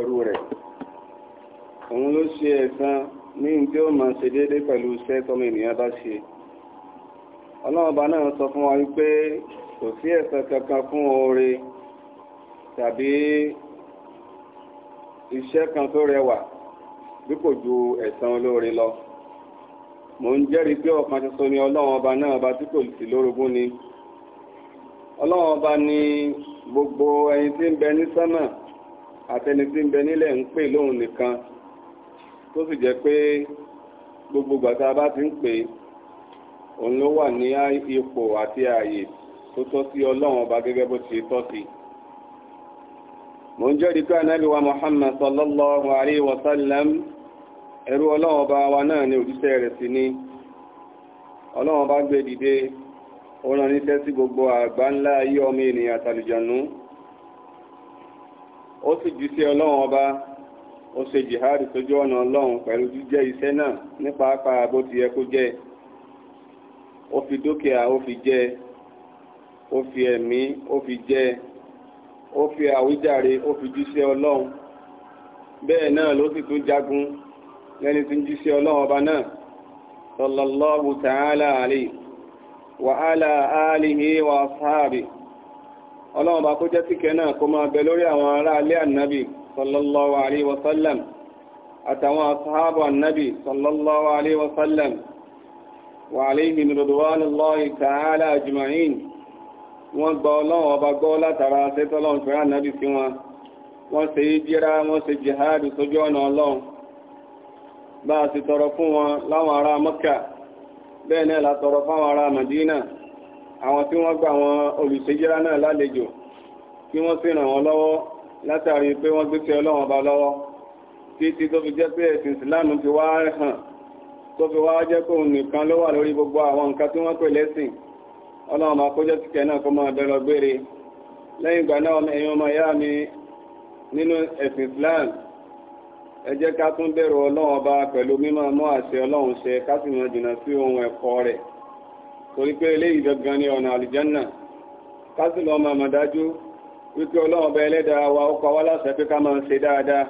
ẹrú rẹ̀ òun ló ṣe ẹ̀san ní tí ó máa ṣe déédé pẹ̀lú iṣẹ́ tọ́mọ ènìyàn bá ṣe ọlọ́ọ̀bá náà sọ fún wa wípé kò sí kankan fún oore tàbí iṣẹ́ kan tó rẹwà bí kò ju ẹ̀san olóore lọ mò ń jẹ́rìí pé ọ̀kan ṣoṣo ni ọlọ́run ọba náà ọba tí kò sí lórogún ni ọlọ́run ọba ni gbogbo ẹyin tí ń bẹ ní sánmà àtẹni tí ń bẹ nílẹ̀ ń pè lóhun nìkan tó sì jẹ́ pé gbogbo gbàtà bá ti ń pè òun ló wà ní ipò àti ààyè tó tọ́ sí ọlọ́run ọba gẹ́gẹ́ bó ṣe tọ́ sí. mò ń jẹ́rìí pé anábì wa muhammad sallallahu alayhi wasallam sallam ẹrú ọlọ́run ọba wa náà ní òjíṣẹ́ rẹ̀ sí ni ọlọ́run ọba gbé dìde ó rán níṣẹ́ sí gbogbo àgbáńlá ayé ọmọ ènìyàn àtàlùjọ̀nù. ó sì jíṣẹ́ ọlọ́run ọba ó ṣe jihadi sójú ọ̀nà ọlọ́run pẹ̀lú jíjẹ́ iṣẹ́ náà nípa apá bó ti yẹ kó jẹ́ ó fi dúkìá ó fi jẹ́ ó fi ẹ̀mí ó fi jẹ́ ó fi àwíjàre ó fi jíṣẹ́ ọlọ́run bẹ́ẹ̀ náà ló sì tún jagun lẹ́ni tí ń ọlọ́run ọba náà ọlọ́run bá kó jẹ́ síkẹ́ náà kó máa bẹ lórí àwọn ará ilé ànábì sallallahu alayhi wa sallam àtàwọn asáhábù ànábì sallallahu alayhi wa sallam wa alayhim ridwanullahi ta'ala ajma'in wọ́n gba ọlọ́run ọba gbọ́ látara sẹ́tọ́lọ́run fẹ́ràn ànábì sí wọn wọ́n ṣe àwọn tí wọ́n gba àwọn olùṣèjìrá náà lálejò kí wọ́n sì ràn wọ́n lọ́wọ́ látàrí pé wọ́n gbé tẹ ọlọ́wọ́n bá lọ́wọ́ títí tó fi jẹ́ pé ẹ̀sìn ìsìláàmù ti wá hàn tó fi wá jẹ́ pé òun nìkan ló wà lórí gbogbo àwọn nǹkan tí wọ́n pè lẹ́sìn ọlọ́wọ́n máa kójọ́ ti kẹ́ náà kó máa bẹ̀rọ gbére lẹ́yìn ìgbà náà ẹ̀yin ọmọ ìyá mi nínú ẹ̀sìn islam ẹ jẹ́ ká tún bẹ̀rù ọlọ́wọ́n bá pẹ̀lú mímọ́ àṣẹ ọlọ́run ṣe ká sì mọ jìnnà sí ohun ẹ̀kọ́ rẹ̀ torí pé eléyìí gangan ní ọ̀nà àlìjánà kásìlọ́ máa mọ̀ dájú wípé ọlọ́run ọba ẹlẹ́dàá wa ó pa wá láṣẹ pé ká máa ṣe dáadáa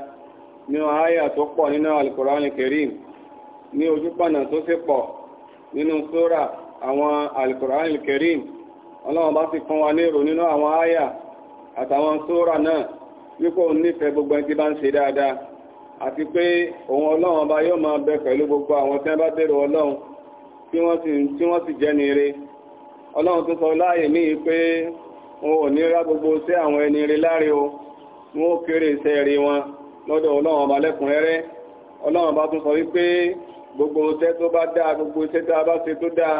nínú àáyà tó pọ̀ nínú alukurani kerim ní ojúpọ̀nà tó sì pọ̀ nínú sóra àwọn alukurani kerim ọlọ́run bá sì fún wa ní èrò nínú àwọn àáyà àtàwọn sóra náà wípé òun nífẹ̀ẹ́ gbogbo ẹni tí bá ń ṣe dáadáa àti pé òun ọlọ́run ọba yóò máa bẹ pẹ̀lú gbogbo àwọn tí wọ́n bá bẹ̀rù ọlọ́run tí wọ́n sì jẹ́ ni ire ọlọ́run tó sọ láàyè ní pé wọn ò ní rá gbogbo sí àwọn ẹni ire láre o wọn ó kéré iṣẹ́ rí wọn lọ́dọ̀ ọlọ́run ọba lẹ́kùnrẹ́rẹ́ ọlọ́run ọba tún sọ wípé gbogbo iṣẹ́ tó bá dáa gbogbo iṣẹ́ tá a bá ṣe tó dáa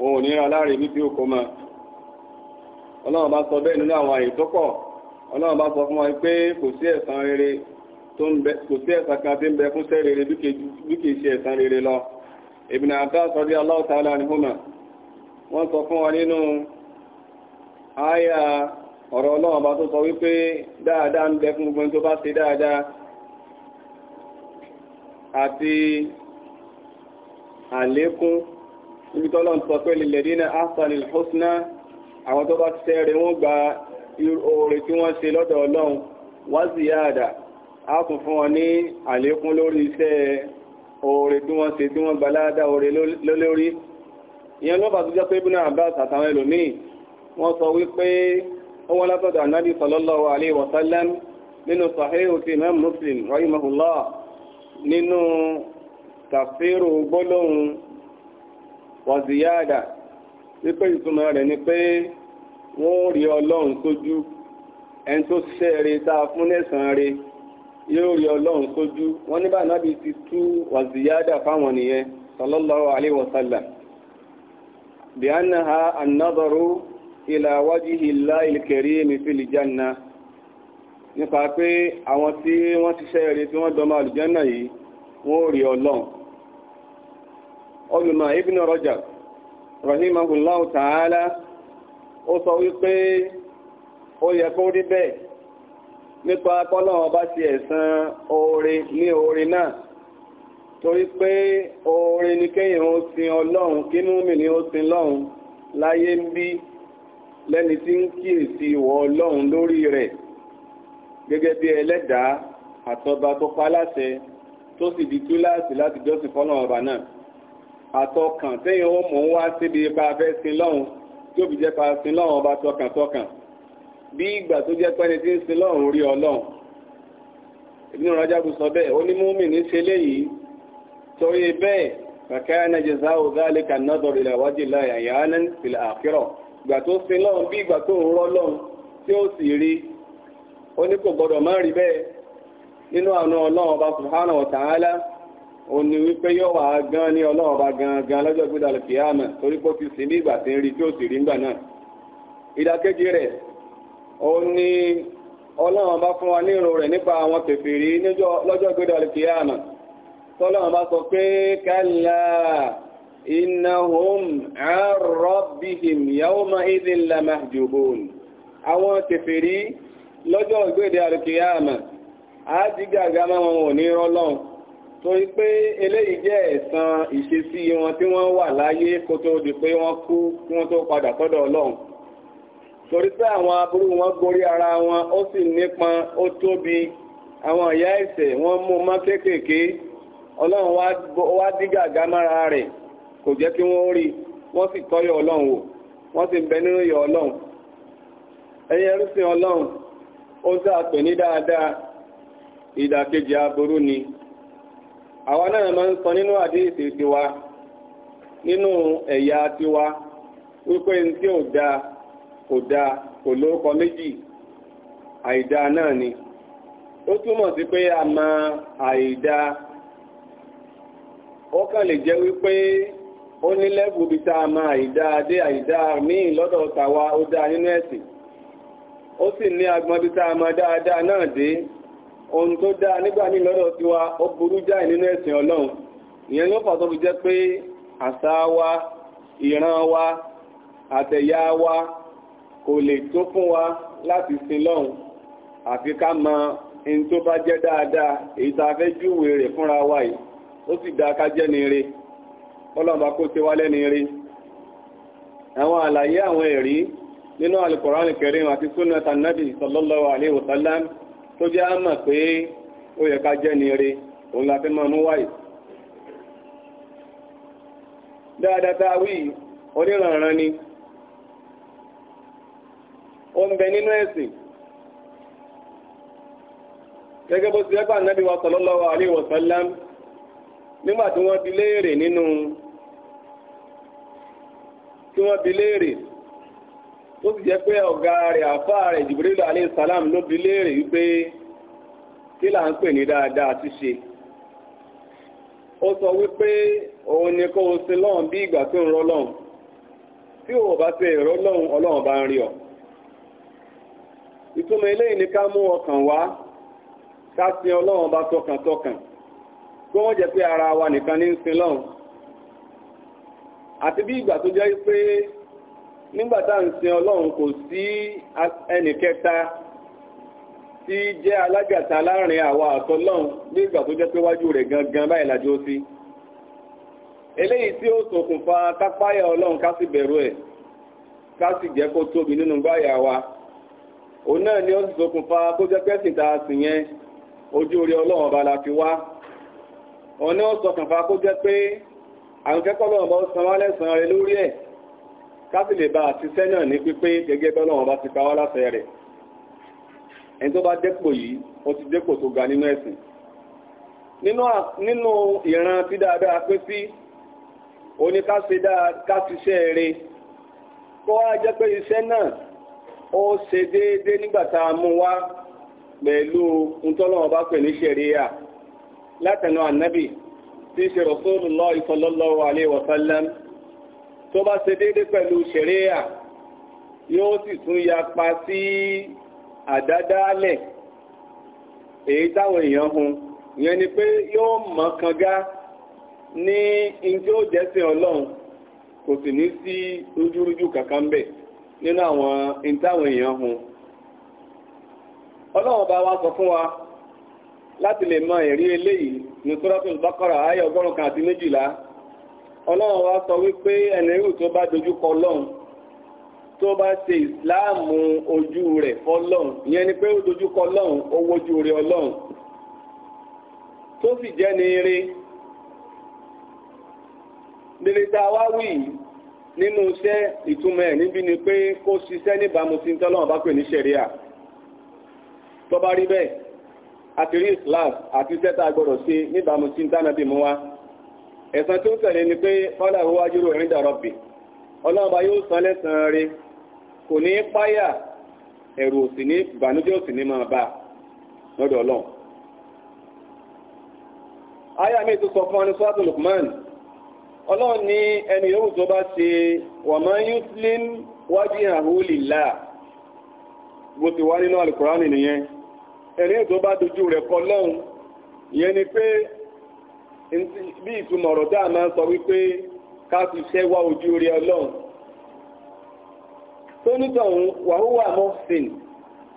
wọn ò ní rá láre bí tí ó kó mọ́ ọlọ́run bá sọ bẹ́ẹ̀ nínú àwọn àyè tó pọ̀ ọlọ́run bá sọ fún wa pé kò sí ẹ̀san rere kò sí ẹ̀san kan tí ń bẹ fún iṣẹ́ rere bí kì í ṣe ẹ̀san rere lọ Ibn Abbas radiyallahu ta'ala anhuma wọ́n sọ fún wa nínú àyà ọ̀rọ̀ ọlọ́run bá tó sọ wípé dáadáa ń bẹ fún gbogbo tó bá ṣe dáadáa àti àlékún níbi tọ́lọ́ sọ pé lilladina ahsanil husna àwọn tó bá ṣe rere wọ́n gba oore tí wọ́n ṣe lọ́dọ̀ ọlọ́run wa ziyada á kún fún wọn ní àlékún lórí iṣẹ́ oore tí wọ́n ṣe tí wọ́n gbalada oore lólórí ìyẹn lọ́fà tó jẹ́ pé Ibn Abbas àtàwọn ẹlòmíì wọ́n sọ wípé ó wọ́n látọ̀dọ̀ anábì sallallahu alaihi wa sallam nínú sahihu ti imam muslim rahimahullah nínú tafsiru gbólóhùn wa ziyada wípé ìtumọ̀ rẹ̀ ni pé wọ́n rí ọlọ́run sójú ẹni tó ṣẹ́ẹ̀rẹ́ tá a fún lẹ́sàn-án rẹ̀ yóò rí ọlọ́run sójú wọ́n ní bá nábi ti tú wàzíyádà fáwọn nìyẹn sallallahu alaihi wasallam bí a náà annadaru ila wajhi llahi alkarim fil janna nípa pé àwọn tí wọ́n ti ṣe eré tí wọ́n dọmọ àlùjánà yìí wọ́n rí ọlọ́run olùmọ̀ ibn Rajab rahimahullahu ta'ala ó sọ wípé ó yẹ kó rí bẹ́ẹ̀ nípa kọ́lọ́wọ́ bá ti ẹ̀san oore ní oore náà torí pé oore ni kéèyàn ó sin ọlọ́run kínú mi ni ó sin lọ́run láyé ń bí lẹ́ni tí ń kíyèsí ìwọ ọlọ́run lórí rẹ̀ gẹ́gẹ́ bí ẹlẹ́dàá àtọba tó pa láṣẹ tó sì di túláàsì láti jọ́sìn fọ́lọ́run ọba náà àtọkàn téèyàn ó mọ̀ ń wá síbi ipa afẹ́ sin lọ́run tí ó fi jẹ́ pa sin lọ́run ọba tọkàntọkàn bí ìgbà tó jẹ́ pẹ́ni tí ń sin lọ́run rí ọlọ́run Ibn Rajab sọ bẹ́ẹ̀ ó ní múmìnì ṣe léyìí torí bẹ́ẹ̀ kàkẹ́ nàìjíríà ó dálé kan náà dọ̀rọ̀ ìlàwájú láyà yàrá ìlà àkírọ̀ ìgbà tó sin lọ́run bí ìgbà tó ń rọ́ lọ́run tí ó sì rí ó ní kò gbọ́dọ̀ má rí bẹ́ẹ̀ nínú àánú ọlọ́run ọba wípé yóò wà gan ní ọlọ́run ọba gangan lọ́jọ́ gbé dàlùkìyàmà torí pé ó ti sin ní ìgbà tí ń rí tí ó sì rí ńgbà náà ìdàkejì rẹ̀ ó ní ọlọ́run bá fún wa ní ìrò rẹ̀ nípa àwọn kèfèrí lọ́jọ́ gbẹ́dọ̀ alìkìyàmà tọ́lọ́run bá sọ pé kálá innahum an rabbihim yawma idhin lamahjubun àwọn kèfèrí lọ́jọ́ gbẹ́dọ̀ alìkìyàmà á ti gàgà máa wọn ò ní torí pé àwọn aburú wọn gorí ara wọn ó sì nípọn ó tóbi àwọn ìyá ẹsẹ wọn mú mọ́ kéékèèké ọlọrun wá dí gàgá mára kò jẹ kí wọn ó rí wọn sì tọyọ ọlọrun wò wọn sì bẹ nínú yọ ọlọ́run ẹ̀yin ẹrúsìn ọlọrun ó ń sáà ní dáadáa ìdàkejì aburú ni àwa náà máa ń sọ nínú àdéhìsì tiwa nínú ẹ̀yà tiwa wípé ní tí ò dáa kò da kò lórúkọ méjì àìdá náà ni ó túmọ̀ sí pé a mọ àìdá ó kàn lè jẹ́ wípé ó ní lẹ́bù bí tá a àìdá dé àìdá míì lọ́dọ̀ tàwa ó dá nínú ẹ̀sìn ó sì ní agbọn bí tá a dáadáa náà dé ohun tó dáa nígbà míì lọ́dọ̀ tiwa ó burú jáì nínú ẹ̀sìn ọlọ́run ìyẹn ló fà tó fi jẹ́ pé àṣà wa ìran wa àtẹ̀yà wa kò lè tó fún wa láti sin lọ́hùn àfi ká mọ ẹni tó bá jẹ́ dáadáa èyí tá a fẹ́ júwèé rẹ̀ fúnra wa yìí ó sì dáa ká jẹ́ ni ire ọlọ́mọba kó ṣe wá lẹ́ni ire àwọn àlàyé àwọn ẹ̀rí nínú alukọ̀ránì kẹrin àti súnata nábì sallallahu alaihi wasallam tó jẹ́ á mọ̀ pé ó yẹ ká jẹ́ ni ire òun la fi máa wáyé dáadáa tá wí oníranran ni. ó ń bẹ nínú ẹ̀sìn gẹ́gẹ́ bó ti rẹ́pà nábì wa sallallahu alaihi wasallam nígbà tí wọ́n bi léèrè nínú tí wọ́n bi léèrè tó sì jẹ́ pé ọ̀gá rẹ̀ àfáà rẹ̀ Jibril alaihi salam ló bi léèrè wípé kí là ń pè ní dáadáa ṣíṣe ó sọ wípé òun ni o sin lọ́hùn bí ìgbà tó ń rọ́ lọ́hùn tí ò bá ṣe ọlọ́hùn bá ń ọ. ìtumọ̀ eléyìí ni ká mú ọkàn wá ká sin ọlọ́run bá tọkàntọkàn kó wọ́n jẹ́ pé ara wa nìkan ní ń sin lọ́run àti bí ìgbà tó jẹ́ pé nígbà tá à ń sin ọlọ́run kò sí ẹnì kẹta tí jẹ́ alágàtà láàrin àwa àtọlọ́run ní ìgbà tó jẹ́ pé wájú rẹ̀ gangan báyìí lájọ́ sí eléyìí tí ó ṣokùnfà kápáyà ọlọ́run ká sì bẹ̀rù ẹ̀ ká sì jẹ́ kó tóbi nínú gbáyà wa òun náà ni ó sì ṣokùnfà kó jẹ́ pẹ́sìn tá sì yẹn ojú orí ọlọ́run ọba la fi wá òun ni ó ṣokùnfà kó jẹ́ pé àwọn kẹ́kọ̀ọ́ lọ́wọ́ bá ó san wá lẹ́sàn-án rẹ lórí ẹ̀ ká sì lè bá àtisẹ́ náà ní pípé gẹ́gẹ́ bẹ́ lọ́wọ́ bá ti pa wá láṣẹ rẹ̀ ẹni tó bá dépò yìí ó ó se déédé nígbà tá pẹ̀lú bá ní ṣẹ̀ríyà látẹnu ànábì tí ṣe Rasulullah sallallahu alaihi wa sallam tó bá ṣe déédé pẹ̀lú ṣẹ̀ríyà yóò sì tún yapa sí àdádálẹ̀ èyí táwọn èèyàn hun ìyẹn ni pé yóò kanga ní ijó jẹ́sìn ọlọ́run kò sì ní sí rújúrújú nínú àwọn ìntàwọn èèyàn hun ọlọ́run bá wá sọ fún wa láti lè mọ ẹ̀rí eléyìí ní Suratul Baqara ayé ọgọ́rùn kan àti méjìlá ọlọ́run wá sọ wípé ẹnìrú tó bá dojú kọ lọ́hùn tó bá ṣe ìsìláàmù ojú rẹ̀ fọlọ́hùn ìyẹn ni pé ó dojú kọ lọ́hùn ó wojú rẹ̀ ọlọ́hùn tó sì jẹ́ ní eré nílẹ̀ tá a wá wí yìí nínú iṣẹ́ ìtumọ̀ ẹ̀ níbi ni pé kó ṣiṣẹ́ níbàámu sí tọ́lọ́wọ́n bá pè ní ṣẹ̀ríà tó bá rí bẹ́ẹ̀ àti rí islam àti iṣẹ́ tá a gbọ́dọ̀ ṣe níbàámu sí tánàbì mú tó ń tẹ̀lé ni pé fọ́lá ìwọ́ ajúrò ẹ̀rín dàrọ́ bì san lẹ́sàn-án rẹ̀ kò ní páyà ẹ̀rù òsì ní ìbànújẹ́ òsì ní máa sọ fún ọlọ́run ní ẹni yóò tó bá ṣe wàmọ́ yútlín wájú àhúlìlá bó ti wá nínú alìkùránì nìyẹn ẹni tó bá dojú rẹ̀ kọ lọ́hun ìyẹn ni pé bí ìtumọ̀ ọ̀rọ̀ dáa máa ń sọ wípé ká fi ṣẹ́ wá ojú rí ọlọ́run tó nítọ̀hún wàhúwà mọ́sìn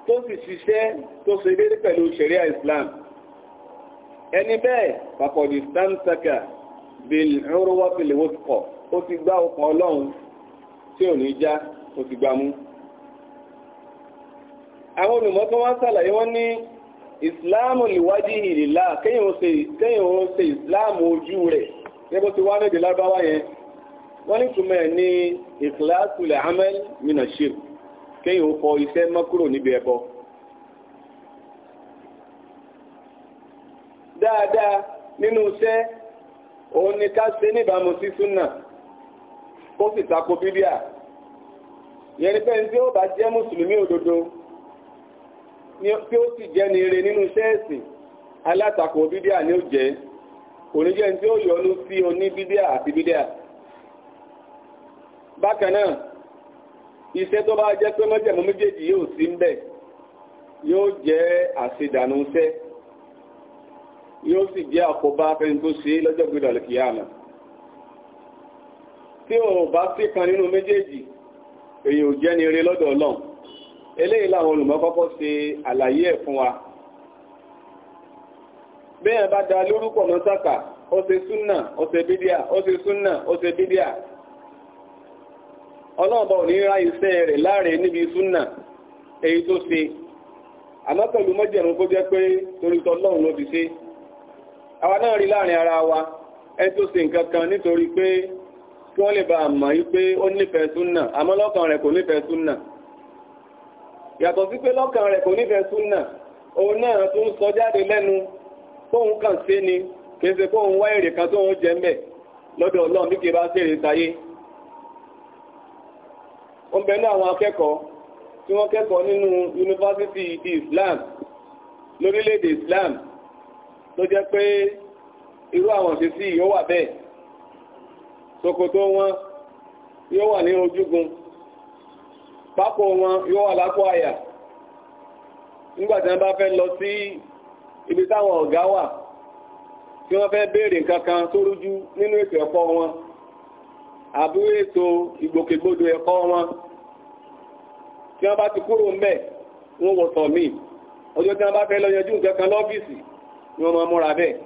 tó sì ṣiṣẹ́ tó ṣe déédé pẹ̀lú ṣẹ̀ríà Islam ẹni bẹ́ẹ̀ pàkọ̀dì stamsaka bíi ìrànwọ́ ti kọ̀ ó ti gbá ọkọ̀ ọlọ́run tí ò ní já ó ti gbámú. àwọn olùmọ̀ tó wọ́n sàlàyé wọ́n ní ìsìláàmù lìwájú ìrìlá kéèyàn ó se ìsìláàmù ojú rẹ̀ níbo ti wá méjì lábáwá yẹn wọ́n ní túmọ̀ ẹ̀ ní ikhlasul nínú iṣẹ́ òun ni ká ṣe níbàámu sí súnà ó sì tako ni tí ó bá jẹ́ mùsùlùmí òdodo tí ó sì jẹ́ ni nínú ṣẹ́ẹ̀sì alátakò bídíà ni ó jẹ́ oníjẹ́ tí ó yọnu sí oní bídíà àti bídíà bákan náà iṣẹ́ tó bá jẹ́ pé mọ́jẹ̀mú méjèèjì yóò sí ń bẹ̀ yóò jẹ́ yóò sì jẹ́ àkóbá fẹ́ni tó ṣe lọ́jọ́ gbọ́dọ̀ lẹ́kìyàmà tí o bá sí kan nínú méjèèjì èyí ò jẹ́ ni eré lọ́dọ̀ ọlọ́run eléyìí làwọn olùmọ̀ ṣe àlàyé fún wa bẹ́ẹ̀ bá da lórúkọ mọ́sáka ó ṣe súnà ó ṣe bídíà ó ṣe súnà ó ṣe bídíà ọlọ́run bá ò ní ra iṣẹ́ rẹ̀ níbi súnà èyí tó ṣe àwa náà rí láàrin ara wa ẹ tó ṣe nǹkan kan nítorí pé kí wọ́n lè bá mọ̀ yí pé ó nífẹ̀ẹ́ súnà àmọ́ lọ́kàn rẹ̀ kò nífẹ̀ẹ́ súnà yàtọ̀ sí pé lọ́kàn rẹ̀ kò nífẹ̀ẹ́ súnà òun náà tó ń sọ jáde lẹ́nu kóhun kàn sí ni kìí ṣe kóhun wá èrè kan tóhun jẹ mẹ́ lọ́dọ̀ ọlọ́run bí kìí bá ṣèrè sáyé ó ń bẹnu àwọn akẹ́kọ̀ọ́ tí wọ́n kẹ́kọ̀ọ́ nínú yunifásitì Islam lórílẹ̀-èdè Islam ló jẹ́ pé irú àwọn òṣèṣì yóò wà bẹ́ẹ̀ ṣòkòtò wọn yóò wà ní ojúgun pákó wọn yóò wà lápò àyà nígbàtí wọ́n bá fẹ́ lọ sí ibi táwọn ọ̀gá wà tí wọ́n fẹ́ béèrè kankan tó rújú nínú ètò ẹ̀kọ́ wọn àbí ètò ìgbòkègbodò ẹ̀kọ́ wọn tí wọ́n bá ti kúrò ń bẹ̀ wọ́n wọ̀tọ̀ míì ọjọ́ tí wọ́n bá fẹ́ lọ yanjú nǹkan kan lọ́fíìsì ni wọ́n máa múra bẹ́ẹ̀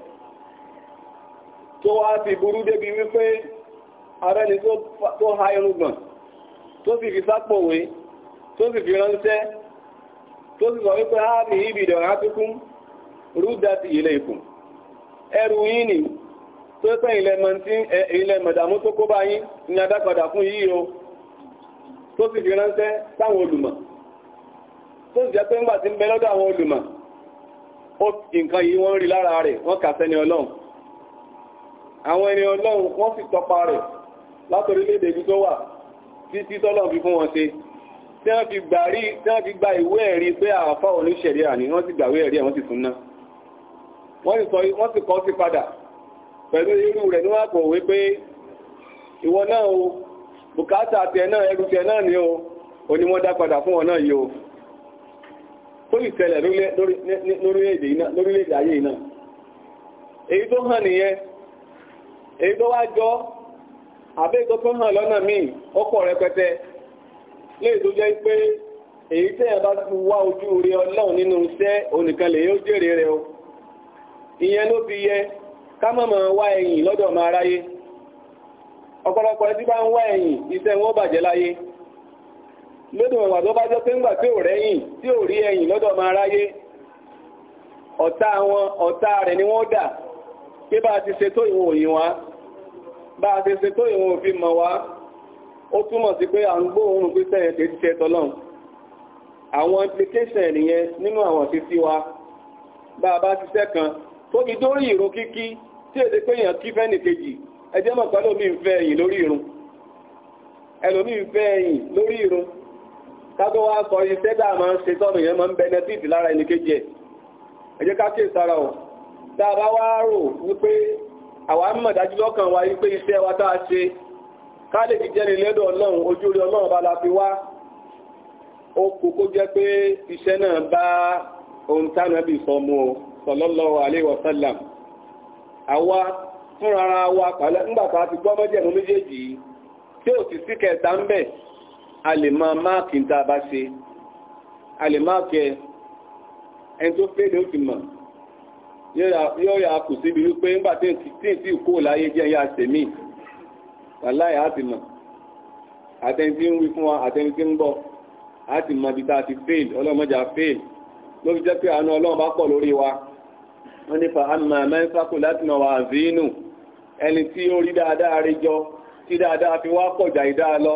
tó wá sí burú débi wípé arẹ́ni tó ha irúgbọ̀n tó sì fi sápòwé tó sì fi ránṣẹ́ tó sì sọ wípé á ní ibi ìdọ̀rọ̀ ápíkún rúdàtì ilẹ̀ ìkùn ẹrù yìí ni tó pẹ́ ilẹ̀ mọ̀dàmú tó kó bá yín ní adápadà fún yìí o tó sì fi ránṣẹ́ sáwọn olùmọ̀ tó sì jẹ́ pé ńgbà tí ń bẹ lọ́dọ̀ àwọn olùmọ̀ nǹkan yìí wọ́n rí lára rẹ̀ wọ́n kà sẹ́ni ọlọ́run àwọn ẹni ọlọ́run wọ́n sì tọpa rẹ̀ látorílẹ̀-èdè ibi tó wà títí tọ́lọ́run fi fún wọn ṣe tí wọ́n fi gbà rí tí wọ́n fi gba ìwé ẹ̀rí pé àfá oníṣẹ̀rí àní wọ́n sì gbàwé ẹ̀rí ẹ̀ wọ́n sì tún ná wọ́n sì kọ́ sí padà pẹ̀lú irú rẹ̀ ní wọ́n pé ìwọ náà o bùkátà tẹ náà ẹrù tẹ náà ni o onímọ̀dá padà fún wọn náà yìí o tó lè lórílẹ̀-èdè ayé náà èyí tó hàn nìyẹn èyí tó wá jọ àbẹ́ẹ̀kọ́ tó hàn lọ́nà míì ọkọ̀ rẹpẹtẹ léè tó jẹ́ pé èyí tẹ́yà bá wá ojú rí ọlọ́run nínú iṣẹ́ onìkan lè yóò jèrè rẹ o ìyẹn ló fi yẹ ká wá ẹ̀yìn lọ́dọ̀ ọ̀pọ̀lọpọ̀ lódò wà tó bá jọ pé ńgbà tí ò rẹ́yìn tí ò rí ẹ̀yìn lọ́dọ̀ máa ráyé ọ̀tá wọn ọ̀tá rẹ̀ ni wọ́n dà pé bá a ti ṣe tó ìwọ̀n òyìn wá bá a ti ṣe tó ìwọ̀n òfin mọ̀ wá ó túmọ̀ sí pé à ń gbóòórùn pípẹ́ ẹ̀ kì í ṣe tọ́lọ́run àwọn a bá ṣiṣẹ́ kan tó fi dórí ìrun kíkí tí èdè pé èèyàn kí fẹ́nì kejì ẹjẹ́ kátó wá sọ iṣẹ́ dáa máa ń ṣe tọ́nù yẹn máa ń benefit lára ẹni kejì ẹ̀ ẹ jẹ́ sára o tá a bá wá rò wípé àwa mọ̀ dájú lọ́kàn wa wípé iṣẹ́ wa tá a ṣe ká lè jẹ́ni lẹ́dọ̀ ọlọ́run ojú ọlọ́run bá la fi wá ó kó jẹ́ pé iṣẹ́ náà o àwa fúnra wa pàlẹ́ a ti gbọ́ a lè máa máàkì tá a bá ṣe a lè máàkì ẹni tó fẹ́lẹ̀ ó ti mọ̀ yóò yà kù síbi wípé ńgbà tí n ti kó láyé jẹ́ ya sèmí wàláyà á ti mọ̀ àtẹni tí ń wí fún wa àtẹni tí ń bọ̀ á ti mọ̀ ibi tá a ti fail ọlọ́mọjà fail ló fi jẹ́ pé àánú ọlọ́run bá pọ̀ lórí wa wọ́n nípa àmà mẹ́ńsákò láti mọ̀ wà zínú ẹni tí ó rí dáadáa rí jọ tí dáadáa fi wá pọ̀ jà ìdá lọ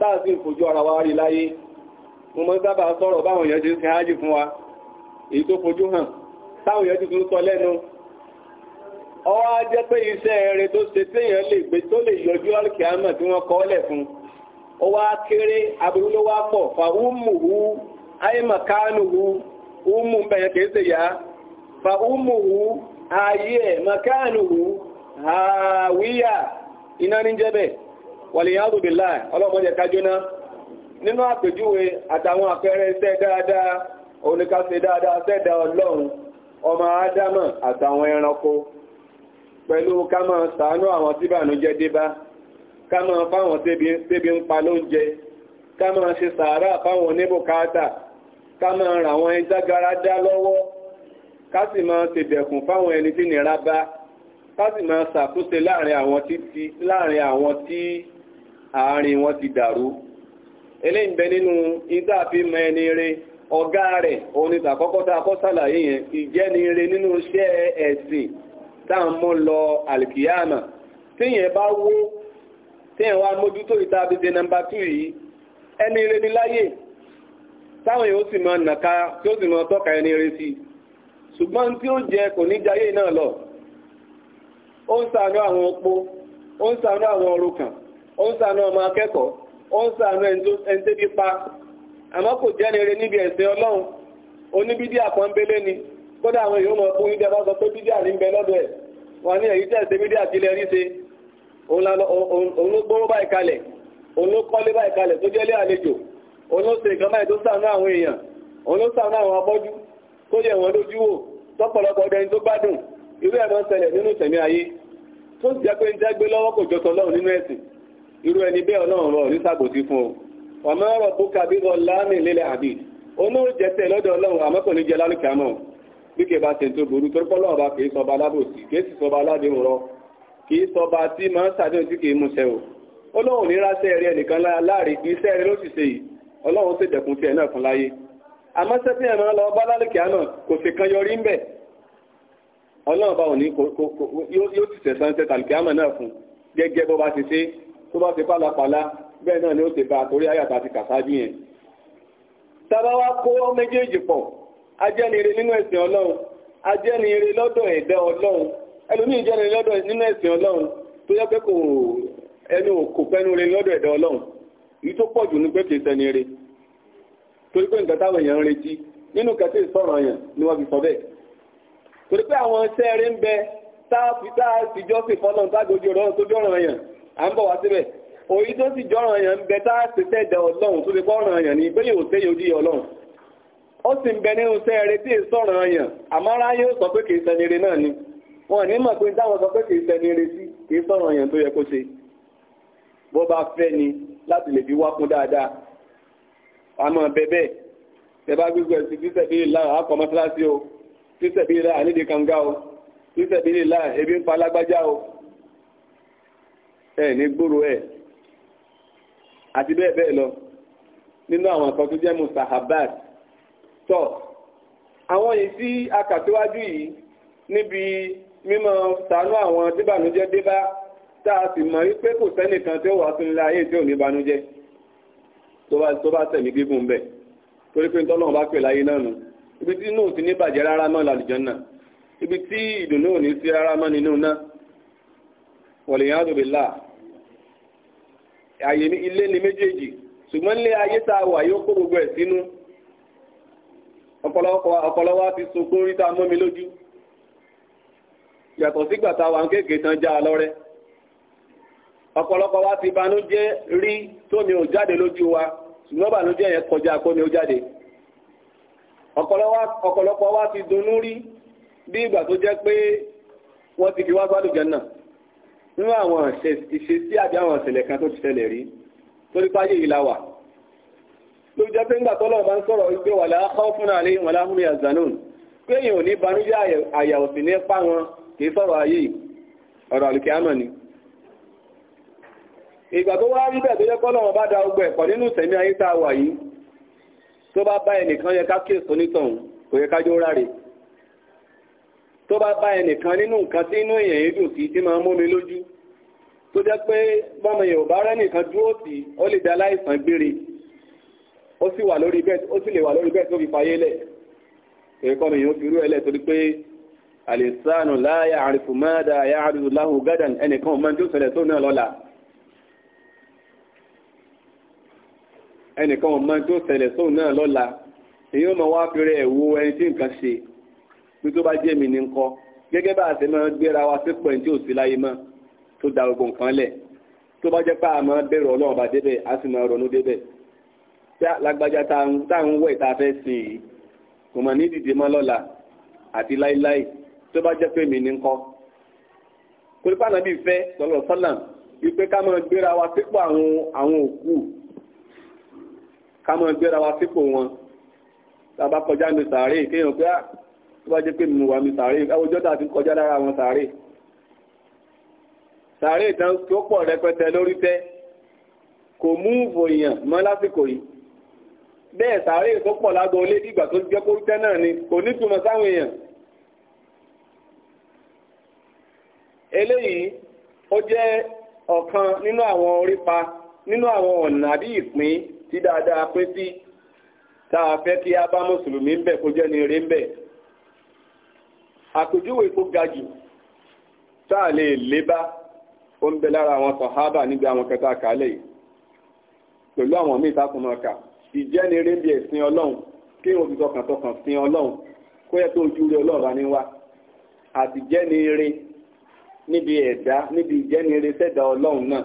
táàsí ìfojú ara wa rí láyé mo mọ́ sábà báwọn èèyàn ti ń fún wa èyí tó fojú hàn táwọn èèyàn ti tún sọ lẹ́nu ọwọ́ jẹ́ pé iṣẹ́ eré tó ṣe lè gbé tó lè yọjú tí wọ́n kọ́ fún ó wá kéré aburú ló wá pọ̀ fàúmùhú ayé wàlìyàwó bìlá ọlọ́mọdé kájóná nínú àpèjúwe àtàwọn àpẹẹrẹ iṣẹ́ dáadáa oníkàṣe dáadáa sẹ́dá ọlọ́run ọmọ ádámà àtàwọn ẹranko pẹ̀lú ká máa ṣàánú àwọn tíbànújẹ́ dé bá ká máa fáwọn tébi ń pa lóúnjẹ ká máa ṣe sàárà fáwọn oníbùkátà ká máa ràn àwọn ẹjágara dá lọ́wọ́ ká sì máa ṣèdẹ̀kùn fáwọn ẹni tí nira bá ká sì láàrin àwọn tí àárín wọn ti dàrú eléyìí ń bẹ nínú ìdá àfi mọ ẹni rẹ ọ̀gá rẹ̀ òun ni tàkọ́kọ́ tá a kọ́ sàlàyé yẹn ìjẹ́ni rẹ nínú iṣẹ́ ẹ̀sìn tá a mọ́ lọ àlìkìyàmà tíyẹn bá wó tíyẹn wá mójútó ìta abidjan nàmbà tù yìí ẹni rẹ ní láyè táwọn yóò sì máa nàka tí ó sì máa tọ́ka ẹni rẹ sí ṣùgbọ́n tí ó jẹ kò ní jayé náà lọ ó ń ṣàánú àwọn opó ó ń ṣàánú àwọn ọrùkàn ó ń ṣàánú ọmọ akẹ́kọ̀ọ́ ó ń ṣàánú ẹni tẹ́bí pa àmọ́ kò jẹ́nire níbi ẹ̀sẹ̀ ọlọ́run oníbídí àpọ́nbélé ni kódà àwọn èèyàn mọ̀ fún ìjọba sọ pé bídí àní ń bẹ lọ́dọ̀ ẹ̀ wọ́n ní èyí tẹ̀sẹ̀ bídí àtìlẹ̀ rí ṣe òun báyìí kalẹ̀ òun báyìí kalẹ̀ tó jẹ́lé àlejò tó àwọn èèyàn òun tó irú ẹni bẹ́ẹ̀ ọlọ́run rọ ní sàbòsí fún o wọ́n máa rọ̀ bó kábí rọ láàmì lélẹ̀ àbí oná jẹ́tẹ̀ lọ́dọ̀ ọlọ́run àmọ́ kò ní jẹ lálùkẹ́ àmọ́ bí kì bá ṣe tó burú torí pé ọlọ́run bá kì í sọba alábòsí kì í sì sọba aládéhùn rọ kì í sọba tí máa ń ṣàdéhùn tí kì í múṣẹ o ọlọ́run ní ráṣẹ́ rẹ nìkan láàrin náà fún gẹ́gẹ́ bó bá ti ṣe tó bá ti pálapàla bẹ́ẹ̀ náà ni ó ti bá torí àyàtà ti kàṣáájú yẹn tàbá wá kó méjèèjì pọ̀ ajẹ́niire nínú ẹ̀sìn ọlọ́run ajẹ́niire lọ́dọ̀ ẹ̀dá ọlọ́run ẹlòmíì jẹ́niire lọ́dọ̀ nínú ẹ̀sìn ọlọ́run tó yẹ pé kò ẹnu kò fẹ́nu re lọ́dọ̀ ẹ̀dá ọlọ́run èyí tó pọ̀ jù ní pé kì í sẹ́niire torí pé nǹkan táwọn èèyàn ń retí nínú kẹtí ìsọ̀rọ̀ yẹn ni wọ́n fi sọ bẹ́ẹ̀ torí pé àwọn iṣẹ́ rẹ̀ ń bẹ táàfijọ́ sí fọ́lọ́n tágojú ọ̀rọ̀ tó dọ̀rọ̀ yẹn à ń bọ̀ wá síbẹ̀ òyí tó sì jọ́ràn èèyàn ń bẹ tá a ti tẹ́ẹ̀dẹ̀ ọlọ́run tó fi kọ́ràn èèyàn ní bẹ́ẹ̀ yóò tẹ́yẹ ojú ọlọ́run ó sì ń bẹ nínú sẹ́ẹ̀rẹ́ tí èso ọ̀ràn èèyàn àmọ́ aráyé ó sọ pé kì í sẹnire náà ni wọn ní mọ̀ pé táwọn sọ pé kì í sẹnire sí kì í sọ̀ràn èèyàn tó yẹ kó ṣe bó bá fẹ́ ni láti lè fi wá kún dáadáa àmọ́ bẹ́ẹ̀ tẹ́bá gbígbẹ́ sí tíṣẹ̀bílì láà àpọ̀ mọ́sálásí o tíṣẹ̀bílì láà nídìí kanga o tíṣẹ̀bílì láà ebi ń pa alágbájá o ẹ ní gbòòrò ẹ àti bẹ́ẹ̀ bẹ́ẹ̀ lọ nínú àwọn nǹkan tó jẹ́ musahabat tọ́ àwọn yìí tí a kà síwájú yìí níbi mímọ ṣàánú àwọn tíbànújẹ́ dé bá tá a sì mọ̀ wípé kò sẹ́nìkan tí ó wà sínú ilé ayé tí ò ní banújẹ́ tó bá tó bá tẹ̀mí gígùn bẹ̀ torí pé tọ́lọ́run bá pè láyé náà nù ibi tí inú ti ní bàjẹ́ rárá mọ́ làlùjànnà ibi tí ìdùnnú ò ní sí rárá mọ́ nínú náà wọ̀lẹ̀yìn àdùbìlà àyè ní ilé ní méjèèjì ṣùgbọ́n ilé ayé tá a wà yóò kó gbogbo ẹ̀ sínú ọ̀pọ̀lọpọ̀ wa ti sunkún rí tá a mọ́ mi lójú yàtọ̀ sígbà tá a wà ń kéèké tán já a lọ́rẹ́ ọ̀pọ̀lọpọ̀ wa ti banújẹ́ rí tómi ò jáde lójú wa ṣùgbọ́n banújẹ́ yẹn kọjá kómi ó jáde ọ̀pọ̀lọpọ̀ wa ti dunnú rí bí ìgbà tó jẹ́ pé wọ́n ti fi wá sálùjẹ́ náà nínú àwọn ìṣesí àbí àwọn ìṣẹ̀lẹ̀ kan tó ti ṣẹlẹ̀ rí torí páyé yìí la wà ló jẹ́ pé ńgbà tọ́lọ̀ bá ń sọ̀rọ̀ wípé wà láàkọ́ fún àlẹ́ ìwọ̀n láhùn yà zanon pé èèyàn ò ní banújẹ́ àyà òsì ní pa wọn kì í sọ̀rọ̀ ayé ọ̀rọ̀ àlùkẹ́ àmọ̀ ni ìgbà tó wá rí bẹ́ẹ̀ tó jẹ́ kọ́lọ̀ wọn bá da ogbẹ̀ ẹ̀kọ́ nínú ìsẹ̀mí ayé tá a wà yìí tó bá bá ẹnìkan yẹ ká kíyèsí onítọ̀hún kò yẹ ká jó ráre tó bá bá ẹnìkan nínú nǹkan tí inú èèyàn yìí dùn sí tí máa mú mi lójú tó jẹ́ pé bọ́mọ yóò bá rẹ́nìkan dúró sí ó lè da láìsàn gbére ó sì wà lè wà lórí bẹ́ẹ̀ tó fi lẹ̀ mi ó fi rú torí pé ẹnìkan ò máa ń náà lọ́la ẹnìkan ò máa ń pé tó bá jẹ́ mi ní ńkọ́ gẹ́gẹ́ bá àṣẹ máa gbéra wa sí pọ̀ tí ò sí láyé mọ́ tó da gbogbo nǹkan lẹ̀ tó bá jẹ́ pé a máa bẹ̀rù ọlọ́run bá débẹ̀ a sì máa ronú débẹ̀ lágbájá tá à ń wẹ̀ tá a fẹ́ sìn yìí kò mọ̀ ní dìde mọ́ lọ́la àti láíláí tó bá jẹ́ pé mi ní ńkọ́ kórípà náà bí fẹ́ sọ̀rọ̀ sọ́làm wípé ká máa gbéra wa sípò àwọn àwọn òkú ká máa gbéra wa sípò wọn tá a bá kọjá ní sàárè kéèyàn pé ah, tó bá jẹ́ pé mi wà mi sàárè ẹwọ́jọ́ tà ti kọjá lára àwọn sàárè sàárè tán tó pọ̀ rẹpẹtẹ lórí tẹ́ kò mú òyìnbó mọ́ lásìkò yìí bẹ́ẹ̀ sàárè tó pọ̀ lágbo ilé dìgbà tó jẹ́ kórí náà ni kò ní túmọ̀ sáwọn èèyàn eléyìí ó jẹ́ ọ̀kan nínú àwọn orípa nínú àwọn ọ̀nà àbí ìpín tí dáadáa pín sí tá a fẹ́ kí abá bá mùsùlùmí ń bẹ̀ kó jẹ́ ni eré ń bẹ̀ àpèjúwe tó ga jù tá a lè lébá ó ń bẹ lára àwọn sọ̀hábà níbi àwọn kẹta àkálẹ̀ yìí pẹ̀lú àwọn míì tákùnmọ̀ọ́kà ìjẹ́nire ń bi ẹ̀sìn ọlọ́run kí wọ́n fi tọkàntọkàn sin ọlọ́run kó yẹ tó ojú rí ọlọ́run bá ní wá àti ìjẹ́nire níbi ẹ̀dá níbi ìjẹ́nire sẹ́dá ọlọ́run náà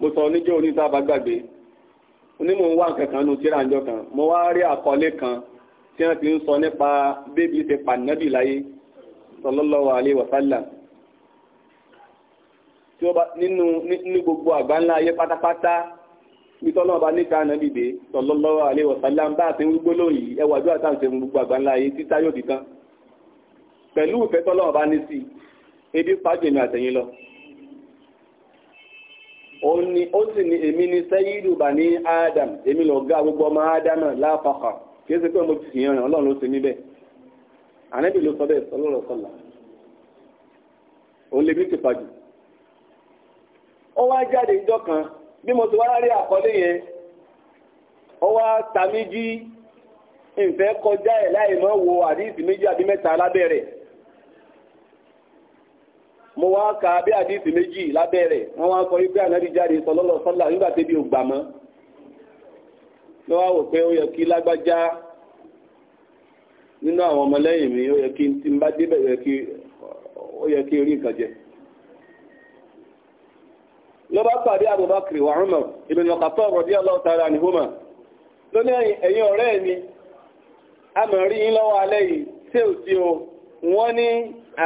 mo sọ oníjó oníta bá gbàgbé onímọ̀ ń wá nǹkan tíra àjọ kan mo wá rí àkọlé kan tí wọ́n ti ń sọ nípa bébí ṣe pànábì láyé sallallahu alaihi wasallam tí wọ́n bá nínú ní gbogbo àgbáńlá ayé pátápátá nítorí ọba níka dé sallallahu alaihi wasallam bá àti wúgbó lóyìí ẹwà àdúrà táwọn ṣe gbogbo àgbáńlá ayé títá yóò di tán pẹ̀lú ìfẹ́ tọ́lọ́wọ́ bá ní sí ebi pàjẹ́ mi àtẹ̀yìn lọ ó sì ní èmi Adam èmi lọ gá gbogbo ọmọ Adam láfàkà kìí ṣe pé mo ti fìyàn rìn ọlọ́run ló ṣe mí bẹ́ẹ̀ ló sọ bẹ́ẹ̀ sọlọ́rọ̀ sọlá òun lè mí ti fàjù. ó wá jáde ìjọ kan bí mo ti wá rí àkọlé yẹn ó wá ta jí nfẹ́ kọjá ẹ̀ láì mọ. wo méjì àbí ló wá wò pé ó yẹ kí lágbájá nínú àwọn ọmọlẹ́yìn mi ó yẹ kí tí n bá débẹ̀ yẹ kí ó yẹ kí rí nǹkan jẹ ló bá pàdé Abubakar wa Umar ibn Khattab radiyallahu ta'ala anhuma ló ní ẹ̀yin ọ̀rẹ́ mi a mọ̀ rí yín lọ́wọ́ alẹ́ yìí tí ò sí o wọ́n ní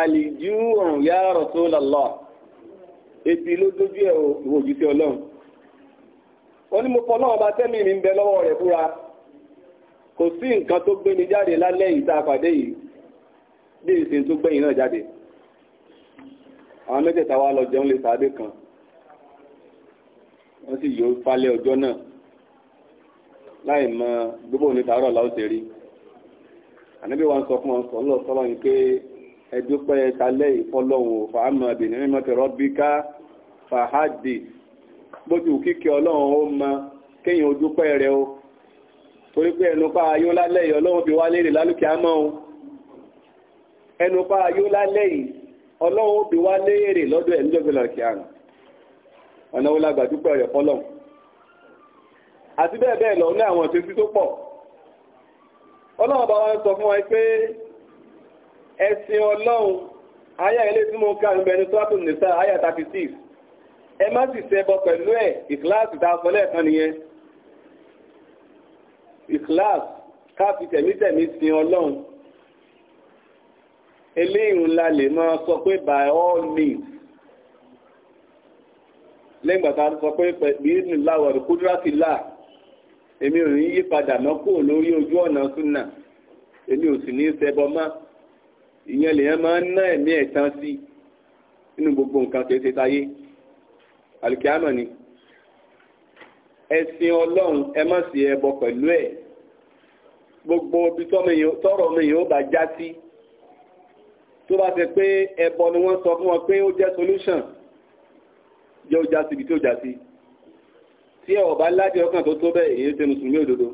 àlìjú ọ̀rùn ya Rasulullah ebi ló ó ní mo fọ́ náà ọba tẹ́mi mi ń bẹ lọ́wọ́ rẹ̀ búra kò sí nǹkan tó gbé mi jáde lálẹ́ yìí tá a pàdé yìí bí ìsìn tó gbẹ̀yìn náà jáde àwọn mẹ́tẹ̀ẹ̀ta wá lọ jẹun lè sàábé kan wọ́n sì yóò falẹ̀ ọjọ́ náà láì mọ gbogbo ní tàárọ̀ láó ṣe rí ànábì wa ń sọ fún ọsọ lọ sọlọ yìí pé ẹdúpẹ́ talẹ́ ìfọlọ́hùn fàámà bìnrin mọ́tẹ̀rọ́ bí fàhádìí bójú kíkẹ́ ọlọ́run ó mọ kéèyàn ojúpẹ́ rẹ̀ o torí pé ẹnupa ayó lálẹ́ yìí ọlọ́run fi wá léèrè lálùkì àmọ́ o ẹnupa ayó lálẹ́ yìí ọlọ́run fi wá léèrè lọ́dọ̀ ẹ̀ níjọ́ gbẹ̀lọ̀ kí àrùn ọ̀nà wo lágbà dúpẹ́ rẹ̀ fọlọ́run àti bẹ́ẹ̀ bẹ́ẹ̀ lọ ní àwọn ìtòsí tó pọ̀ ọlọ́run bá wá ń sọ fún wa pé ẹ̀sìn ọlọ́run ayá ilé tí mo kà ń bẹnu sọ́tún nìsa ayá 36 ẹ má sì ṣẹbọ pẹ̀lú ẹ̀ ìkíláàsì tá a sọ lẹ́ẹ̀kan nìyẹn ìkíláàsì káàfi tẹ̀mítẹ̀mí sin ọlọ́run eléyìí ńlá lè máa sọ pé by all means lẹ́yìn gbàtà sọ pé pẹ̀lú ìdùnnú láwọ̀ rẹ̀ kúdúrà sí là èmi ò ní yí padà mọ́ kúrò lórí ojú ọ̀nà súnà èmi ò sì ní ṣẹbọ mọ́ ìyẹn lèyẹn máa ń ná ẹ̀mí ẹ̀tàn sí nínú gbogbo nǹkan kẹsẹ̀ táyé àlùkìámọ̀ ni ẹ̀sìn ọlọ́run ẹ má sí ẹbọ pẹ̀lú ẹ̀ gbogbo ibi tọrọ mi yóò bá já sí tó bá ṣe pé ẹbọ ni wọ́n sọ fún wọn pé ó jẹ́ solution jẹ́ ó já sí ibi tí ó já sí tí ẹ ọ̀bá ládìí ọkàn tó tó bẹ́ẹ̀ èyí ṣe mùsùlùmí òdodo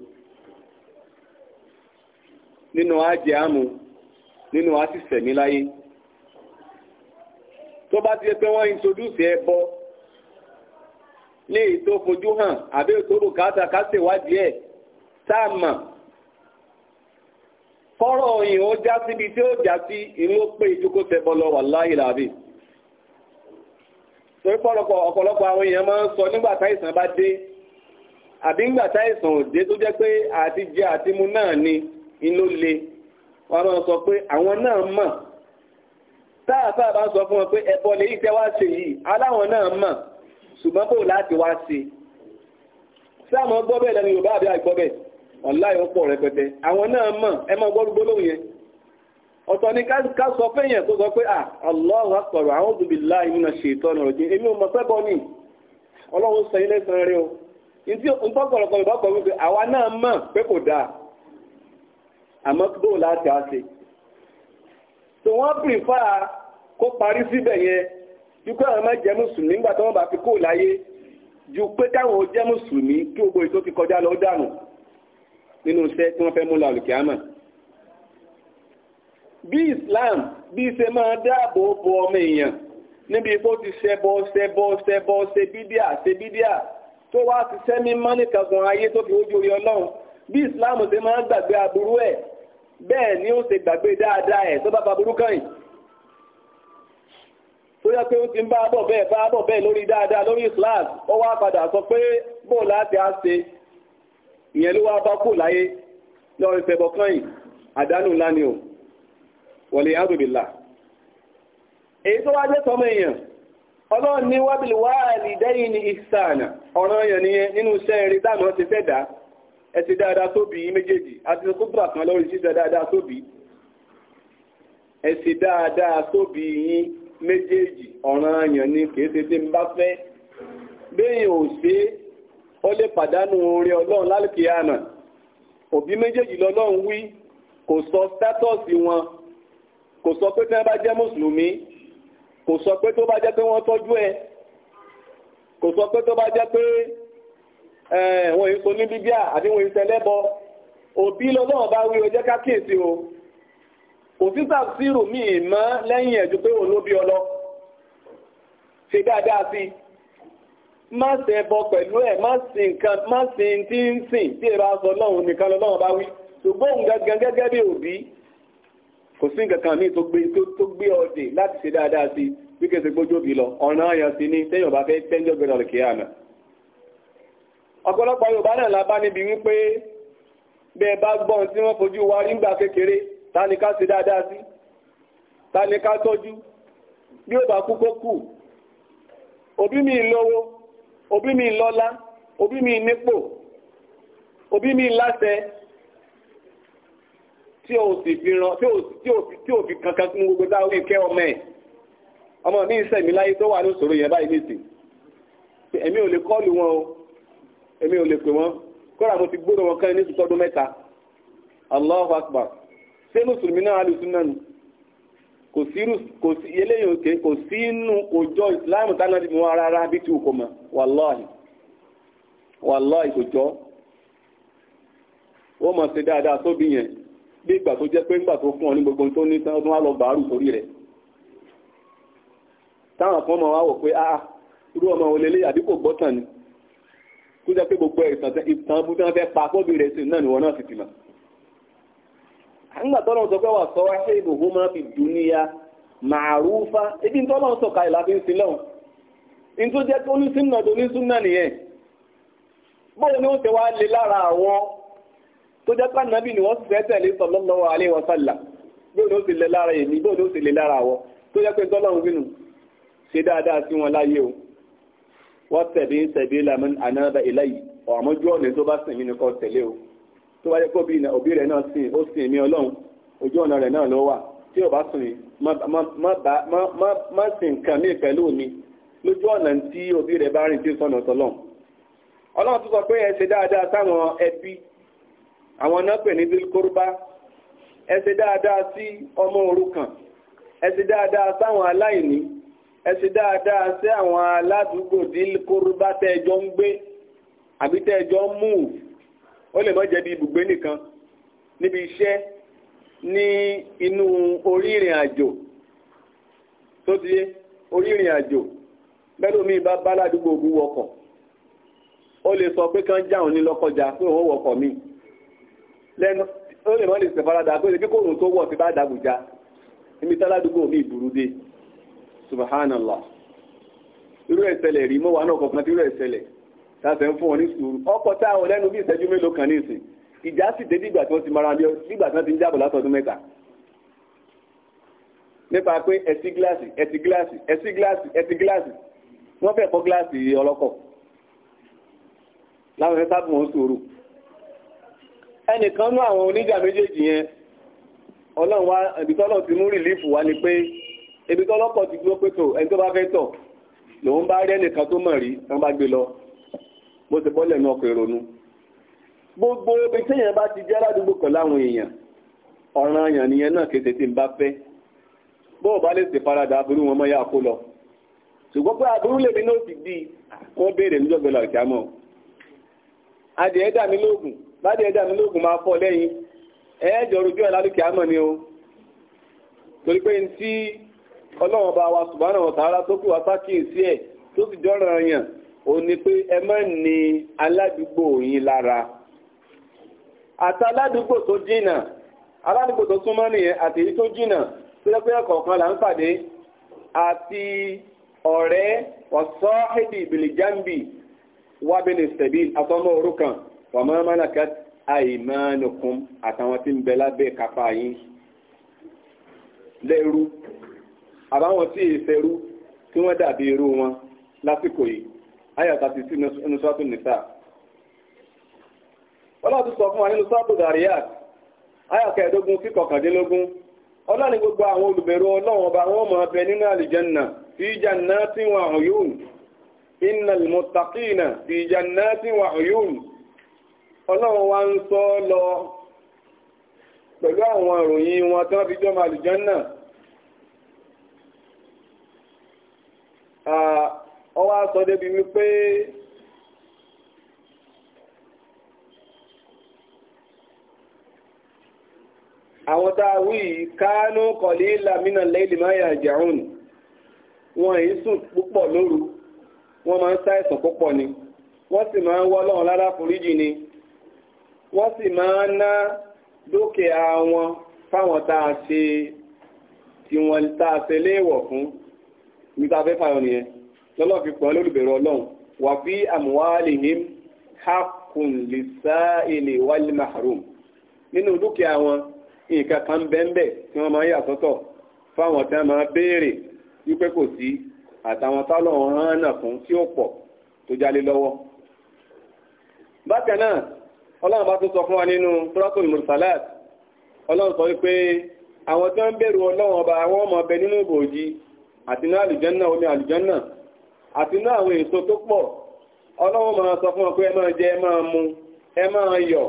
nínú ajé àmú nínú àti sẹ̀mí láyé tó bá ṣe pé wọ́n introduce ẹbọ ní èyí tó fojú hàn àbí ètò bùkátà ká ṣèwádìí ẹ̀ tá a mọ̀ kọ́rọ̀ òyìn ó já síbi tí ó já sí ìlú pé ìjókòó tẹ́ lọ wà láyé làbí torí pọ̀lọpọ̀ ọ̀pọ̀lọpọ̀ àwọn èèyàn máa ń sọ nígbà táìsàn bá dé àbí nígbà táìsàn ò tó jẹ́ pé àti jẹ àti mu náà ni inú le wọn máa sọ pé àwọn náà mọ̀ Taa bá sọ fún wọn pé ẹ̀bọ lèyí tẹ́ wá ṣe yìí aláwọn náà mọ̀ ṣùgbọ́n bò láti wá sí i sáàmù gbọ́ bẹ́ẹ̀ lẹ́nu yorùbá àbí àìgbọ́ bẹ́ẹ̀ ọ̀láyé ó rẹpẹtẹ àwọn náà mọ̀ ẹ máa gbọ́rú yẹn ọ̀tọ̀ ni ká sọ pé yẹn tó sọ pé à ọlọ́run àwọn òbí láì nínú ṣe ìtọ́nà òjì èmi ò mọ̀ pẹ́ bọ́ ni ọlọ́run sọ ilé san o kọ̀ àwa náà mọ̀ pé kò dáa àmọ́ bó láti á tò wọ́n ikú àwọn máa jẹ́ mùsùlùmí nígbà tí wọ́n bá fi kó láyé ju pé káwọn jẹ́ mùsùlùmí kí gbogbo ètò ti kọjá lọ dànù nínú iṣẹ́ tí wọ́n fẹ́ mú làlùkì àmà. bí Islam bí ṣe máa dáàbò bo ọmọ èèyàn níbi ipò ti ṣẹbọ ṣẹbọ ṣẹbọ ṣe bídíà tó wá ti sẹ́mi mánìkàgùn ayé tó fi ojú orí ọlọ́run bí Islam ṣe máa gbàgbé aburú ẹ̀ bẹ́ẹ̀ ni ó ṣe gbàgbé dáadáa ẹ̀ tó bá baburú kàn yìí tó yẹ pé ó ti ń bá bọ̀ bẹ́ẹ̀ bá bọ̀ bẹ́ẹ̀ lórí dáadáa lórí Islam ó wá padà sọ pé bó láti á ṣe ìyẹn ló wá bá kù láyé lọ́rin fẹ̀bọ̀ kan yìí àdánù ńlá ni ò wọlé ábùbìlà èyí tó wá jẹ́ sọmọ èèyàn ọlọ́run ní wábìlì wá àlìdẹ́yìn ní ìsànà ọ̀ràn èèyàn nìyẹn nínú iṣẹ́ eré dáná ti fẹ́ dá ẹ ti dáadáa sóbì yìí méjèèjì àti kúbra kan lórí ṣíṣe dáadáa sóbì ẹ ti dáadáa sóbì yìí méjèèjì ọ̀ràn àyàn ni kìí ṣe tí ń bá fẹ́ béèyàn ò ṣe é ó lè pàdánù oore ọlọ́run lálùkìyàmà òbí méjèèjì lọ́lọ́run wí kò sọ sítátọ́ọ̀sì wọn kò sọ pé tí wọ́n bá jẹ́ mùsùlùmí kò sọ pé tó bá jẹ́ pé wọ́n tọ́jú ẹ kò sọ pé tó bá jẹ́ pé wọ́n yìí so ní bíbíà àbí wọ́n yìí sẹlẹ́bọ òbí lọ́lọ́run bá wí ó ká kíyèsí o. kò sí tàbísírù mi mọ́ lẹ́yìn ẹ̀jú pé òun ló bí ọlọ ṣe dáadáa sí má ṣe bọ pẹ̀lú ẹ̀ má sin nǹkan má sin tí ń sìn tí ẹ bá sọ lọ́hùn nìkan lọ́hùn bá wí ṣùgbọ́n gangan gẹ́gẹ́ bí òbí kò sí nǹkan kan míì tó gbé tó gbé ọdẹ láti ṣe dáadáa sí la níbi wípé bá gbọ́n tí wọ́n wa ta ni ká ṣe dáadáa sí ta ni ká tọ́jú bí ó bá kú kó kù òbí mi lówó òbí mi lọ́lá òbí mi nípò òbí mi láṣẹ tí o sì fi ran tí o tí o tí o fi kankan kún gbogbo tá a wí kẹ́ ọmọ ẹ̀ ọmọ mi ìsẹ̀mí láyé tó wà ní ìṣòro yẹn báyìí nìsín èmi ò lè kọ́ọ̀lù wọn o èmi ò lè pè wọ́n kóra mo ti gbọ́dọ̀ wọn kán ní ìtọ́dún mẹ́ta Allahu Akbar. ṣé musulmi náà alùsùn náà nù kò sí eléyìí òkè kò sí inú òjò ìsìláàmù tánà ti mú rárá bí tí kò mọ̀ wàláhì wàláhì kò jọ ó mọ̀ sí dáadáa sóbì yẹn bí ìgbà tó jẹ́ pé ńgbà tó fún ọ ní gbogbo tó ní tán ọdún wá lọ bàárù sórí rẹ táwọn kan mọ̀ wò ah, ah, ọmọ kò ni kó pa kóbi sí náà ni nígbà tó lọ́n sọ pé wà sọ wá ṣe ìbòho máa fi dúníyà màrúfá ebi tó lọ́n sọ káyìlá fi ń sin lọ́hùn ní tó jẹ́ tó ní súnà tó ní súnà nìyẹn báwo ni wọ́n ti wá lé lára àwọn tó jẹ́ pé ànábì ni wọ́n fẹ́ tẹ̀lé sallallahu alaihi wa sallam bóun ló ti lé lára èmi bóun ló ti lé lára àwọn tó jẹ́ pé tọ́lọ́run wínú ṣe dáadáa sí wọn láyé o wọ́n tẹ̀lé tẹ̀lé làmú ànábà tó wáyé kó bí òbí rẹ̀ náà sìn ó sìn èmi ọlọ́run ojú ọ̀nà rẹ̀ náà ló wà tí ò bá sìn má sìn nǹkan míì pẹ̀lú mi lójú ọ̀nà tí òbí rẹ̀ bá rìn tí ó sọ̀nà tọ́lọ́n ọlọ́run tó sọ pé ẹ ṣe dáadáa sáwọn ẹbí àwọn náà pè ní bílkórúbá ẹ ṣe dáadáa sí ọmọ òrukàn ẹ ṣe dáadáa sáwọn aláìní ẹ ṣe dáadáa sí àwọn aládùúgbò dílkórúbá tẹ́ẹ̀jọ ń gbé àbí tẹ́ẹ̀jọ ń múùfù ó lè má jẹ́ bí ibùgbé nìkan níbi iṣẹ́ ní inú orí ìrìn àjò tó ti yé orí ìrìn àjò bẹ́ẹ̀ lómi bá bá ládùúgbò ògùn wọkọ̀ ó lè sọ pé kán já òun ní lọ́kọjà pé òun wọkọ̀ mi lẹ́nu ó lè mọ́ lè sèfarada pé kíkó òun tó wọ̀ sí bá dàbùjá níbi tá ládùúgbò mi ìbúrú dé subhanallah irú ẹ̀sẹ̀lẹ̀ rí mọ́wàá náà kọ̀ọ̀kan tí irú ẹ̀sẹ̀lẹ̀ tàbí ń fún wọn ní sùúrù ọkọ̀ tá àwọn lẹ́nu bí ìṣẹ́jú mélòó kan ní ìsìn ìjà sì dé dìgbà tí wọ́n ti mara lé dìgbà tí wọ́n ti ń jábọ̀ látọdún mẹ́ta nípa pé ẹtí gíláàsì ẹtí gíláàsì ẹtí gíláàsì ẹtí gíláàsì wọ́n fẹ́ fọ́ gíláàsì ọlọ́kọ̀ láwọn ẹ̀ sábà wọn sùúrù ẹnìkan nú àwọn oníjà méjèèjì yẹn ọlọ́run wa ìbítọ́lọ̀ ti mú rìlífù wá ni pé ìbítọ́lọ́kọ̀ ti dúró pé tò ẹni tó bá fẹ́ tọ̀ lòun bá rí ẹnìkan tó mọ̀ rí wọ́n bá gbé lọ bó ti bọ́lẹ̀ ní ọkọ̀ ìrònú gbogbo ibi téèyàn bá ti jẹ́ aládùúgbò kan láwọn èèyàn ọ̀ràn àyàn nìyẹn náà kété tí n bá fẹ́ farada aburú wọn mọ́ yá kó lọ ṣùgbọ́n pé aburú lèmi di kó béèrè níjọ́gbẹ́ lọ ìjámọ́ adìẹ dà mí lóògùn bádìẹ dà mí lóògùn máa fọ́ lẹ́yìn ẹ̀ẹ́jọ rojú ẹ̀ lálùkì àmọ́ ni o torí pé ọlọ́run wa tó kù wá ó ní pé ẹ má ní aládùúgbò yín lára àtàládùúgbò tó jìnnà aládùúgbò tó súnmọ́ nìyẹn àti èyí tó jìnnà pé ọ̀kọ̀ọ̀kan là ń pàdé àti ọ̀rẹ́ ọ̀sọ́ hẹ́dì ìbìlìjàmbì wábìlì sẹ̀bí asọ́mọ́ orúkàn wàmọ́ mọ́lákàt àìmánukùn àtàwọn tí ń bẹ lábẹ́ kápá yín lẹ́rú àbáwọn tí èsẹ̀rú tí wọ́n dàbí irú wọn lásìkò yìí àyà thirty two nínú sọ́tún nìta ọlọ́run ti sọ fún wa nínú sọ́tún Zariyat àyà kẹẹ̀ẹ́dógún sí kọkàndínlógún gbogbo àwọn olùbẹ̀rù ọba wọn máa bẹ nínú àlìjẹ́nà fi jannatin wa uyun innal muttaqina fi wa ń sọ lọ ọwọ́ aṣọ débi wípé àwọn táwí kánú kọ̀lí lámínà lẹ́lì máa yà jẹun wọn èyí sùn púpọ̀ lóru wọ́n máa ń ṣàìsàn púpọ̀ ni wọ́n sì máa ń wọ́ lọ́run lára foríjì ni wọ́n sì máa ń ná dúkìá wọn fáwọn tá a ṣe tí wọ́n tá a ṣe léèwọ̀ fún níta fẹ́ fàyọ nìyẹn lọ́lọ́ fi pọ̀ lólùbẹ̀rù ọlọ́run wà fi amwalihim haqqun lis-sa'ili wal mahrum nínú dúkìá wọn nǹkan kan bẹ́ńbẹ́ tí wọ́n máa ń yà sọ́tọ̀ fáwọn tí wọ́n máa béèrè wípé kò sí àtàwọn tálọ̀ hàn náà fún tí ó pọ̀ tó jálé lọ́wọ́ bákan náà ọlọ́run bá tó sọ fún wa nínú suratul mursalat ọlọ́run sọ wípé àwọn tí wọ́n ń bẹ̀rù ọlọ́run ọba àwọn ọmọ ọbẹ̀ nínú ìbòjì àti ní àlùjànnà omi àlùjànnà àti inú àwọn èso tó pọ̀ ọlọ́run máa sọ fún ọ pé ẹ máa jẹ ẹ máa mu ẹ máa yọ̀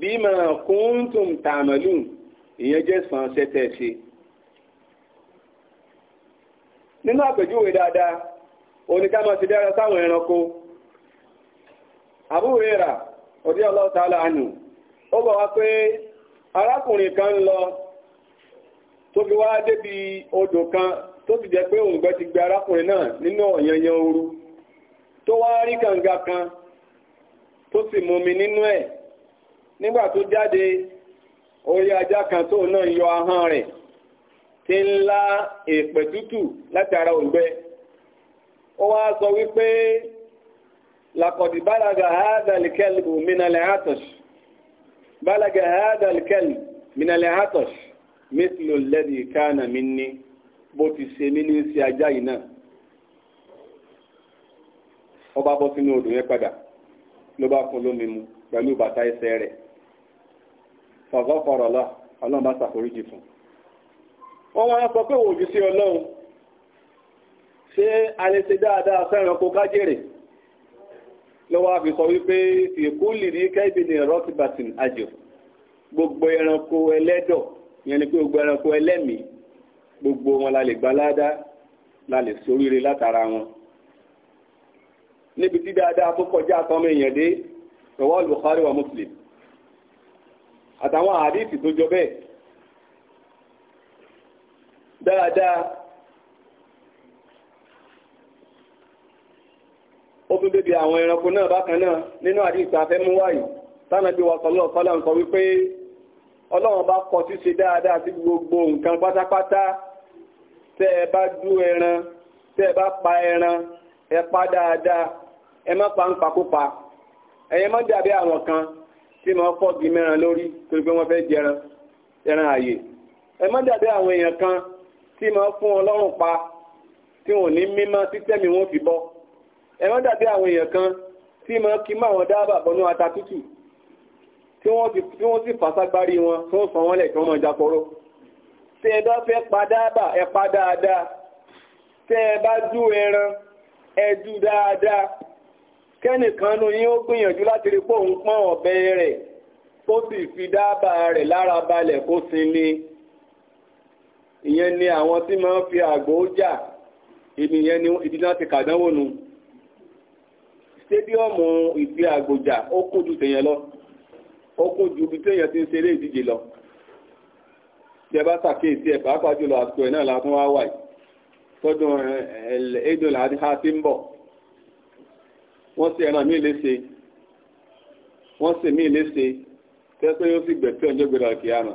bí máa kúntùm tààmàlù ìyẹn jẹ́ sàn ṣẹtẹ̀ ṣe. nínú àpèjúwe dáadáa oníká máa ti dára sáwọn ẹranko àbúrẹ́ra ọdí ọlọ́ọ̀tàlá ànù ó bọ̀ wá pé arákùnrin kan lọ tó fi wá débi odò kan tó sì jẹ pé òǹgbẹ́ ti gbé arákùnrin náà nínú ọ̀yanyan ooru tó wá rí kànga kan tó sì mumi nínú ẹ̀ nígbà tó jáde orí ajá kan tó náà yọ ahọ́n rẹ̀ ti ń la èèpẹ̀ tútù láti ara òǹgbẹ ó wá sọ wípé làkọ̀dì bálaga hádàlìkẹ́lù mínàlẹ̀ àtọ̀ṣ bálaga hádàlìkẹ́lù mínàlẹ̀ àtọ̀ṣ mẹ́tìlò kánà mí ní. bó ti ṣe mí ní ṣe ajá yìí náà ọba bọ́ sínú odò yẹn padà ló bá fún lómi mu pẹ̀lú bàtà ẹsẹ̀ rẹ̀ fọ̀gọ́ fọ̀rọ̀ lọ ọlọ́run bá ṣàforíjì fún wọn wọn sọ pé wò ojú sí ọlọ́run ṣé a lè ṣe dáadáa fẹ́ràn kó kájèrè lọ́wọ́ àfi sọ wípé ìkúlì ní kẹ́bìnrin rọ́tìbàtìn àjò gbogbo ẹranko ẹlẹ́dọ̀ yẹn ni pé gbogbo ẹranko ẹlẹ́mìí gbogbo wọn la lè gba ládàá la lè soríire látara wọn níbi tí dáadáa tó kọjá àtọmọ èèyàn dé rọwọ́ Bukhari wa Muslim àtàwọn àdìsí tó jọ bẹ́ẹ̀ dáadáa ó tún débi àwọn ẹranko náà bákan náà nínú àdìsí afẹ́mú wáyé tánàbí wa sọlọ́ ọ̀sọ́lá ń sọ wípé ọlọ́run bá kọ ṣíṣe dáadáa sí gbogbo nǹkan pátápátá tẹ́ ẹ bá dú ẹran tẹ́ ẹ bá pa ẹran ẹ pa dáadáa ẹ má pa ń pakópa ẹyẹ má dàbí àwọn kan tí wọ́n fọ́ọ̀gì mẹ́ran lórí torí pé wọ́n fẹ́ jẹran ẹran àyè ẹ má dàbí àwọn èèyàn kan tí wọ́n fún ọlọ́run pa tí wọ́n ní mímọ́ títẹ́mi wọn fi bọ́ ẹ má dàbí àwọn èèyàn kan tí wọ́n kí mọ́ àwọn dábà bọ́nú ata tútù tí wọ́n sì fàṣágbárí wọn tí wọ́n sọ wọn lẹ̀ kí wọ́n mọ̀ jápọ̀rọ̀ tẹ́ ẹ bá fẹ́ padà bà ẹ padà dáa tẹ́ ẹ bá dú ẹran ẹ dú dáadáa kẹ́nìkan nu yín ó gbìyànjú láti rí pé òun pọ́n ọ̀bẹ rẹ̀ kó sì fi dábà rẹ̀ lára balẹ̀ kó sinmi ìyẹn ni àwọn tí máa ń fi àgbò jà ibi yẹn ni ibi náà ti kàdánwò nu stadiumu ìfi àgbò jà ó kún ju tèèyàn lọ ó kún ju ibi téèyàn ti ń ṣeré ìdíje lọ. tí ẹ bá ṣàkíyèsí ẹ pàápàá jùlọ àsìkò ẹ̀ náà la fún wa wà tọdún ẹdùn ń bọ̀ wọ́n sì ẹran míì léṣe wọ́n sì míì léṣe sì gbẹ̀tí ọjọ́ gbẹ̀rọ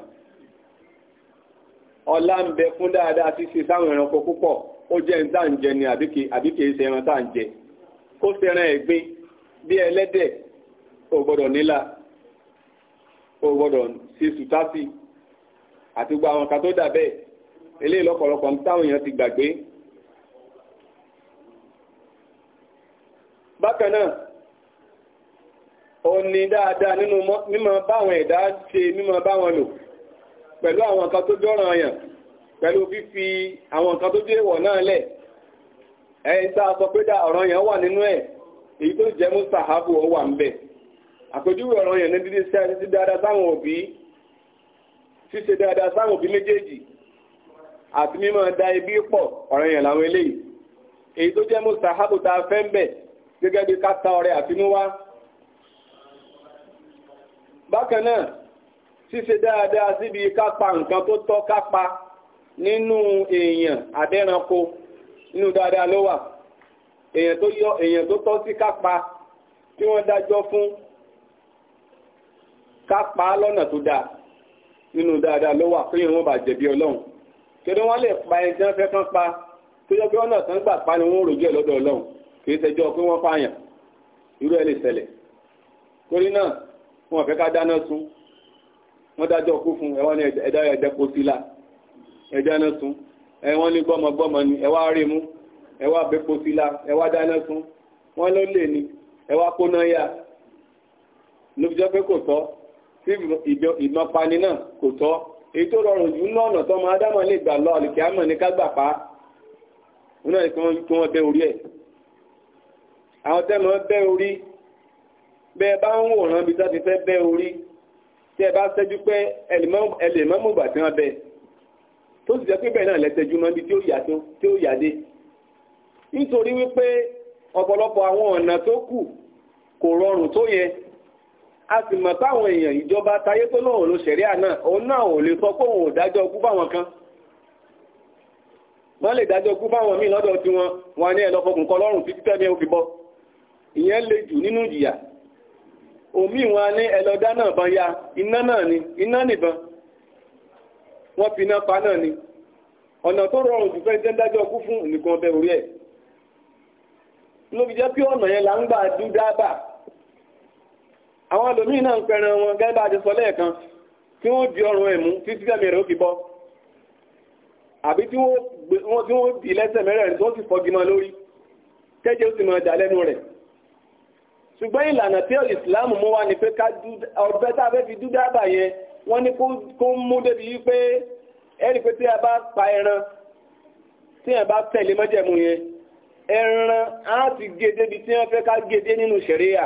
ọlá ń bẹ fún dáadáa ti ṣe sáwọn ẹranko púpọ̀ ó jẹ́ ń ni àbí kìí ṣe ẹran kó ẹ̀gbin bí ẹlẹ́dẹ̀ ò gbọ́dọ̀ àti gba àwọn kan tó dà bẹ́ẹ̀ eléyìí lọ́pọ̀lọpọ̀ ní táwọn èèyàn ti gbàgbé. bákan náà ó ní dáadáa nínú mímọ̀ báwọn ẹ̀dá ṣe mímọ̀ báwọn lò pẹ̀lú àwọn kan tó jọ́ràn àyàn pẹ̀lú fífi àwọn kan tó jẹ́ ìwọ̀ náà lẹ̀ ẹ̀yìn tá a sọ pé dá ọ̀ràn yẹn wà nínú ẹ̀ èyí tó jẹ́ mú sàhábù ó wà ń bẹ̀ àpèjúwe ọ̀ràn yẹn ní dídí sí dáadáa sáwọn òbí ṣíṣe dáadáa sáwọn òbí méjèèjì àti mímọ̀ da ibi pọ̀ ọ̀rọ̀ yẹn làwọn eléyìí èyí tó jẹ́ mustahabu tá a fẹ́ ń bẹ̀ gẹ́gẹ́ bí ká ta ọrẹ àtinúwá bákan náà ṣíṣe dáadáa síbi ká pa nǹkan tó tọ́ ká pa nínú èèyàn àdẹ́ranko nínú dáadáa ló wà èèyàn tó yọ èèyàn tó tọ́ sí ká tí wọ́n dájọ́ fún ká lọ́nà tó dáa nínú dáadáa ló wà pé ìrún bá jẹ̀bi ọlọ́run kí wọ́n lè pa ẹni tí wọ́n fẹ́ kán pa tó yẹ pé ọ̀nà tán gbà pa ni wọ́n rògbé lọ́dọ̀ ọlọ́run kì í ṣẹjọ́ pé wọ́n pààyàn irú ẹ̀ lè ṣẹlẹ̀ torí náà wọn fẹ́ ká dáná sun wọ́n dájọ́ kú fún ẹ̀wọ́n ní ẹ̀dá ẹ̀dẹ́ kó sí la ẹ̀dáná sun ẹ̀wọ́n ní gbọ́mọgbọ́mọ ni ẹ̀wá rí mú ẹ̀wá bẹ́ kó sí la ẹ̀wá dáná sun wọ́n ló lè ní ẹ̀wá kóná yá ló jẹ́ pé kò tọ́ sí ìmọ̀pani náà kò tọ́ èyí tó rọrùn jù ní ọ̀nà tó máa dámọ̀ lè gbà lọ àlùkẹ́ àmọ̀ ní kágbà pa wọn náà kí wọ́n bẹ orí ẹ̀ àwọn tẹ́ máa bẹ orí bẹ bá ń wòran bí tó ti fẹ́ bẹ orí tẹ́ bá ṣẹ́jú pé ẹlẹ́mọ́mùgbà tí wọ́n bẹ tó sì jẹ́ pé bẹ́ẹ̀ náà lẹ́sẹ̀jú mọ́ ibi tí ó yà tó tí ó yà dé nítorí wípé ọ̀pọ̀lọpọ̀ àwọn ọ̀nà tó kù kò rọrùn tó yẹ a sì mọ̀ táwọn èèyàn ìjọba tayé tó lóun ló ṣẹ̀ríà náà òun náà ò lè sọ pé òun ò dájọ́ ikú fáwọn kan wọ́n lè dájọ́ ikú fáwọn míì lọ́dọ̀ tí wọ́n wọn ní ẹ̀lọ́ fọkùn kọ lọ́rùn títí tẹ́mi ó fi bọ́ ìyẹn le jù nínú ìjìyà òmí wọn ní ẹlọ́dá náà bá ya iná náà ni iná nìbọn wọ́n fi iná pa náà ni ọ̀nà tó rọrùn jù fẹ́ jẹ́ dájọ́ ikú fún nìkan ọbẹ̀ orí ẹ̀ lóbi jẹ́ pé ọ̀nà yẹn là ń gbà dúdábà àwọn ẹlòmíì náà ń pẹran wọn gẹ́gẹ́ bá a ti sọ lẹ́ẹ̀kan tí wọ́n di ọrùn ẹ̀mú títí tẹ̀mí rẹ̀ ó fi bọ́ àbí tí wọ́n di lẹ́sẹ̀ mẹ́rẹ̀ẹ̀rin tó sì fọ́gi mọ́ lórí tẹ́jẹ́ ó sì mọ́ dà lẹ́nu rẹ̀ ṣùgbọ́n ìlànà tí ìsìláàmù mú wá ni pé ọ̀bẹ tá a fẹ́ fi dúdú àbà yẹn wọ́n ní kó mú débi wípé ẹ̀rí pé tí a bá pa ẹran tí a bá tẹ̀lé mọ́jẹ̀mú yẹn ẹran á ti gé débi tí wọ́n fẹ́ ká gé dé nínú ṣẹ̀ríyà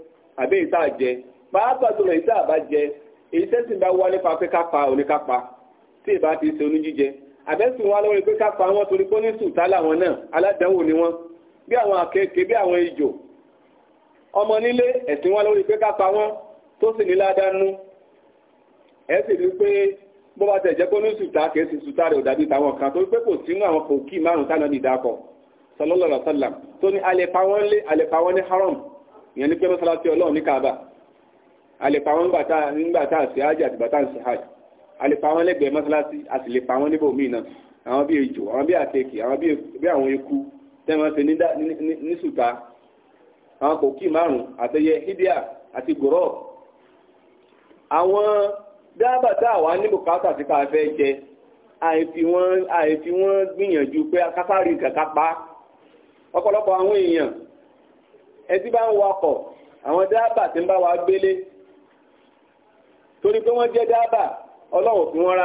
àbí èyí tá a jẹ pàápàá tó lọ èyí tá a bá jẹ èyí tẹ́sìn bá wá nípa pé ká pa oníkápa tí ìbá ti ṣe oníjíjẹ àbẹ́sùn wa lọ́wọ́ pé ká pa wọn torí pé oníṣù tá làwọn náà aládánwò ni wọn bí àwọn àkekèé bí àwọn ejò ọmọ nílé ẹ̀sìn wa lórí pé ká pa wọn tó sì ní ládánú ẹ sì rí pé bó bá tẹ̀ jẹ́ pé oníṣù tá kìí sì sùtá rẹ̀ ò táwọn kan torí pé kò sínú àwọn kòkí márùn-ún tánà ní ìdákọ̀ sallallahu alaihi tó ní alẹ́ pa wọ́n lé alẹ́ pa wọ́n ní haram ìyẹn ní pé mọ́sálásí ọlọ́run ní kaaba a lè pa wọ́n nígbà tá a sì ájì àti bàtà sí hajj a lè pa wọ́n lẹ́gbẹ̀ẹ́ mọ́sálásí a sì lè pa wọ́n níbò míì náà àwọn bíi ejò àwọn bíi àtẹkì àwọn bíi àwọn eku tẹ́wọ́n ṣe ní sùta àwọn kòkí márùn-ún àtẹyẹ hídíà àti gòrọ́ àwọn dábàá tá a wà sí ká jẹ àìfi wọ́n gbìyànjú pé kásáàrí nǹkan pa ọ̀pọ̀lọpọ̀ àwọn èèyàn ẹtí bá ń wakọ̀ àwọn dáàbà tí ń bá wa gbélé torí pé wọ́n jẹ́ ọlọ́wọ̀ fún wọn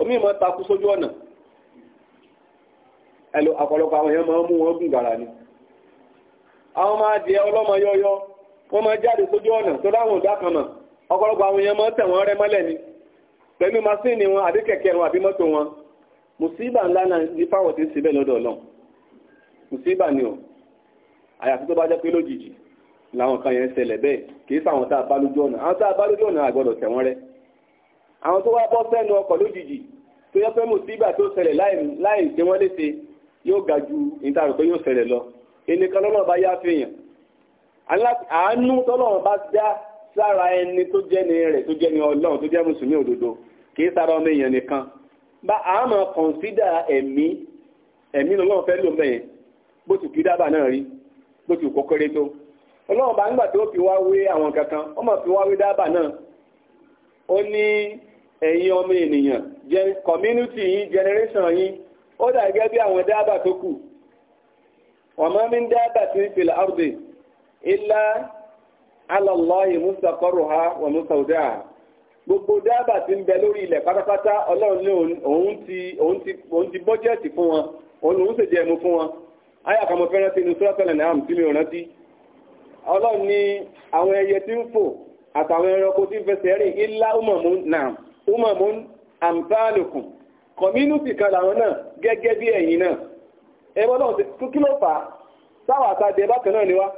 omi ìmọ̀ takú sójú ọ̀nà àwọn èèyàn máa ń mú wọn gùn gàrà ni àwọn máa jẹ ọlọ́mọ yọyọ wọ́n máa jáde sójú ọ̀nà tó dáhùn ọ̀dá kan ọ̀pọ̀lọpọ̀ àwọn èèyàn máa tẹ̀ wọ́n rẹ́ mọ́lẹ̀ ni pẹ̀lú masíìnì wọn àbí kẹ̀kẹ́ wọn àbí mọ́tò wọn mùsíbà ńlá náà ní fáwọ̀ tí ń bẹ́ẹ̀ lọ́dọ̀ ọlọ́run àyàfi tó bá jẹ́ pé lójijì làwọn kan yẹn ṣẹlẹ̀ bẹ́ẹ̀ kì í sáwọn tá a bá lójú ọ̀nà àwọn tá a bá lójú ọ̀nà àgbọ̀dọ̀ tẹ̀ wọ́n rẹ́ àwọn tó wá bọ́ sẹ́nu ọkọ̀ lójijì tó yẹ pé mùsíbà tó ṣẹlẹ̀ láì ṣe wọ́n léṣe yóò ga ju ìtarò pé yóò ṣẹlẹ̀ lọ ẹnìkan lọ́nà bá yá fèèyàn àánú tọ́lọ́run bá dá sára ẹni tó jẹ́ni rẹ̀ tó jẹ́ni ọlọ́run tó jẹ́ mùsùlùmí bó ti kó kéré tó ọlọ́run bá nígbà fi wá wé àwọn kankan ó mà fi wá wé dábà náà ó ní ẹ̀yin ọmọ ènìyàn community generation yín ó dà gẹ́gẹ́ bí àwọn dábà tó kù ọmọ mi ń dábà sí fìlà áwùdè ilá alọ́lọ́hì ha wà ha gbogbo dábà tí ń bẹ lórí ilẹ̀ pátápátá ọlọ́run ní ti bọ́jẹ́ẹ̀tì fún wọn òun lòún fún wọn Aya kan mo fẹ́ rántí ní sọ́tẹ̀lẹ̀ náà tí mi ò rántí ọlọ́run ní àwọn ẹyẹ tí ń fò àtàwọn ẹranko tí ń fẹsẹ̀ rìn ilá umamun náà umamun amsalukum community kan làwọn náà gẹ́gẹ́ bí ẹ̀yin náà ẹ bọ́ náà kí ló fà á sáwà àtàdé bákan náà ni wá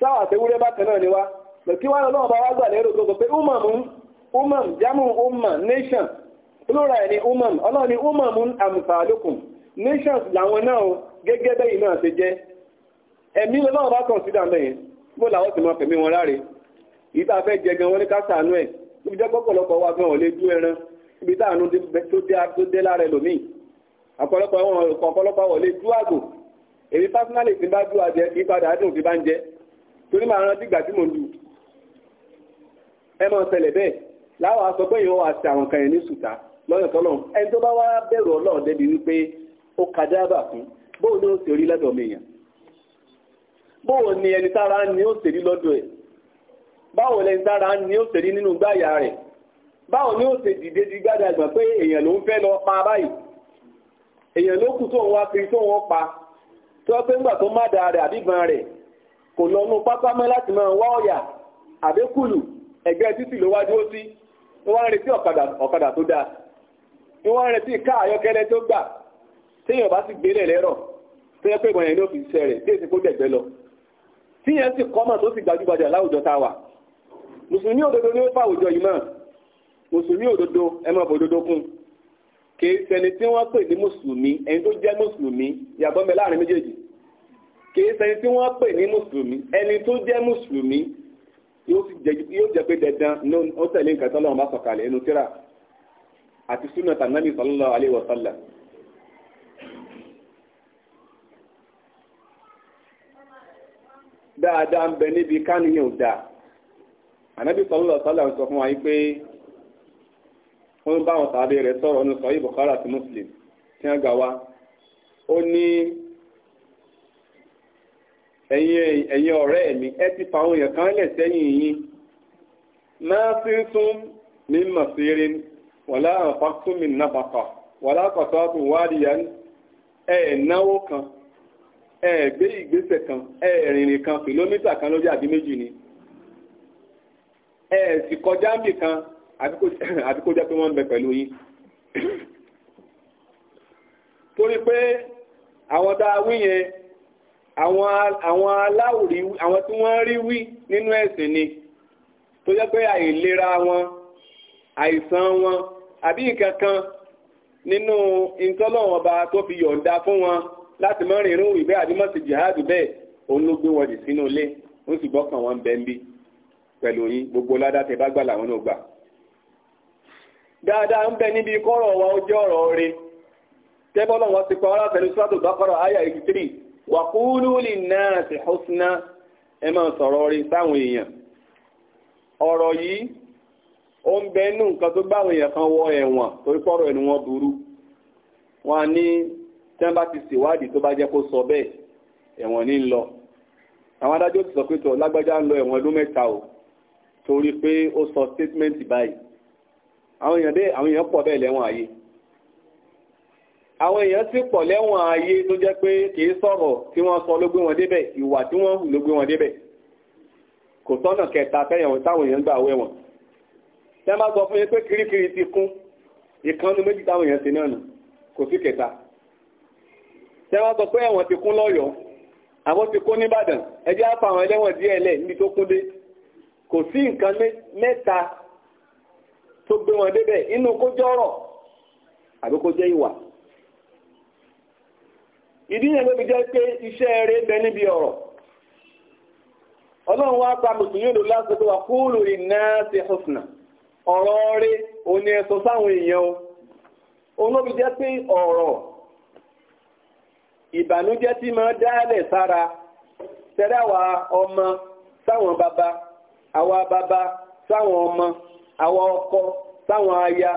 sáwà àtẹwúrẹ́ bákan náà ni wá lọ́kí wá lọ́wọ́ bá wá gbà lérò tó sọ pé umamun umam jamu umma nation plural ni umam ọlọ́run ni umamun amsalukum nations làwọn náà o gẹ́gẹ́ bẹ́yìn náà ṣe jẹ́ ẹ̀mí lọ́wọ́ bá kàn sídà mẹ́yìn bó làwọn ti máa fẹ̀mí wọn láre yìí tá a fẹ́ jẹ gan wọn ní ká sàánú ẹ̀ níbi jẹ́ pọ̀pọ̀lọpọ̀ wa gan ò lè dú ẹran ibi tá àánú tó dé lára ẹlòmíì ọ̀pọ̀lọpọ̀ ọ̀pọ̀lọpọ̀ wọ̀ lè dú àgò èmi pásínálì ti bá dú àjẹ kí padà á dùn fi bá ń jẹ torí máa rántí ìgbà tí mò ń dù ẹ máa ṣẹlẹ̀ bẹ́ẹ̀ láwọn aṣọ pé ìwọ́n àti àwọn kan yẹn ní sùtà lọ́yọ̀ tọ́lọ́run ẹni tó bá wá bẹ̀rù ọlọ́run débi wípé ó kàdáàbà fún bóò ni ó sì rí lọ́dọ̀ mi yàn ni ẹni tára ní ó sì lọ́dọ̀ ẹ̀ báwọ̀ lẹni tára ní ó sì nínú gbáyà rẹ̀ ni ó sì dìde di gbádà pé èèyàn ló ń fẹ́ lọ pa báyìí èèyàn ló kù tó wá kiri pa tó pé ńgbà tó má dáa rẹ̀ rẹ̀ lọ pápá mọ́ láti máa wá ọ̀yà títì ló wájú ó sí wọ́n ń retí ọ̀kadà tó dáa wọ́n ń retí tó gbà téèyàn tó yẹ pé ìbọn yẹn ní òfin iṣẹ́ rẹ̀ tí èsì kó dẹ̀gbẹ́ lọ tí yẹn sì kọ́mọ̀ tó sì gbajúgbajà láwùjọ tá a wà mùsùlùmí òdodo ní ó fà àwùjọ yìí mọ́ mùsùlùmí òdodo ẹ máa bọ̀ òdodo kún kìí ṣẹni tí wọ́n pè ní mùsùlùmí ẹni tó jẹ́ mùsùlùmí yàtọ̀ ń bẹ láàrin méjèèjì kìí ṣẹni tí wọ́n pè ní mùsùlùmí ẹni tó jẹ́ mùsùlùmí yóò jẹ́ pé dandan ní ó tẹ̀lé nǹkan tí Ọlọ́run bá sọ̀kalẹ̀ ẹnu tíra àti súnà tànàbí sallallahu alaihi wasallam dáadáa ń bẹ níbi káníyàn dà ànábì sọlọ sọlọ sọ fún wa yìí pé wọn bá àwọn rẹ sọ̀rọ̀ sọ yìí àti Muslim tí wọn gà wá ní ẹ̀yin ọ̀rẹ́ mi ẹ ti fa àwọn èèyàn kan lẹ̀ sẹ́yìn yín máa fi tún mi mọ̀ sí rí mi nàbàkà kan. ẹ gbé ìgbésẹ̀ kan ẹ kan kìlómítà kan lójú àbí méjì ni ẹ sì kọjá mì kan àbí kó jẹ́ pé wọ́n ń bẹ pẹ̀lú yín torí pé àwọn tá a wí yẹn àwọn aláwòrí àwọn tí wọ́n rí wí nínú ẹ̀sìn ni tó jẹ́ pé àìlera wọn àìsàn wọn àbí nǹkan kan nínú ìtọ́lọ́wọ́n ọba tó fi yọ̀ǹda fún wọn láti mọ́ rìn róòwì bẹ́ẹ̀ àbí bẹ́ẹ̀ òun wọn sínú ilé ó sì gbogbo ládá bá gbà làwọn náà dáadáa ń bẹ níbi kọ́rọ̀ wa ó jẹ́ ọ̀rọ̀ rẹ tẹ́bọ́lọ̀ wọn ti pa ọ́ sọ́tò bákọ́rọ̀ àyà eighty three wa qulu linnasi husna ẹ máa sọ̀rọ̀ rẹ sáwọn èèyàn kan wọ ẹ̀wọ̀n torí kọ́rọ̀ wọn burú tí wọ́n bá ti ṣèwádìí tó bá jẹ́ kó sọ bẹ́ẹ̀ ẹ̀wọ̀n ní lọ àwọn adájọ́ ti sọ pé tọ̀ lágbájá ń lọ ẹ̀wọ̀n ọdún mẹ́ta o torí pé ó sọ statement báyìí àwọn èèyàn bẹ́ẹ̀ àwọn èèyàn pọ̀ bẹ́ẹ̀ lẹ́wọ̀n ayé àwọn èèyàn sì pọ̀ lẹ́wọ̀n ayé tó jẹ́ pé kì í sọ̀rọ̀ tí wọ́n sọ ló gbé wọn débẹ̀ ìwà tí wọ́n ló gbé wọn débẹ̀ kò sọ́nà kẹta fẹ́yàn táwọn èèyàn gbà wẹ̀wọ̀n tẹ́ bá sọ fún yín pé kirikiri ti kún ìkànnì méjì táwọn èèyàn ti náà nù kò sí kẹta tẹ́wọ́n sọ pé ẹ̀wọ̀n ti kún lọ́yọ̀ọ́ àwọn ti kún nìbàdàn ẹjẹ́ àpá àwọn ẹlẹwọn díẹ̀ lẹ níbi tó kún dé kò sí nǹkan mẹta tó gbé wọn débẹ̀ inú kó jọ́rọ̀ àbí kó jẹ́ ìwà ìdí yẹn ló fi jẹ́ pé iṣẹ́ rẹ̀ bẹ níbi ọrọ. ọlọrun wa pa mùsùlùmí lò lásìkò tó wà kúrò iná ti husna ọ̀rọ̀ rẹ̀ òní ẹ̀sọ́ sáwọn èèyàn o òun ló pé ọrọ. ìbànújẹ́ tí máa dálẹ̀ sára tẹ́láwà ọmọ sáwọn bàbá àwa bàbá sáwọn ọmọ àwa ọkọ sáwọn aya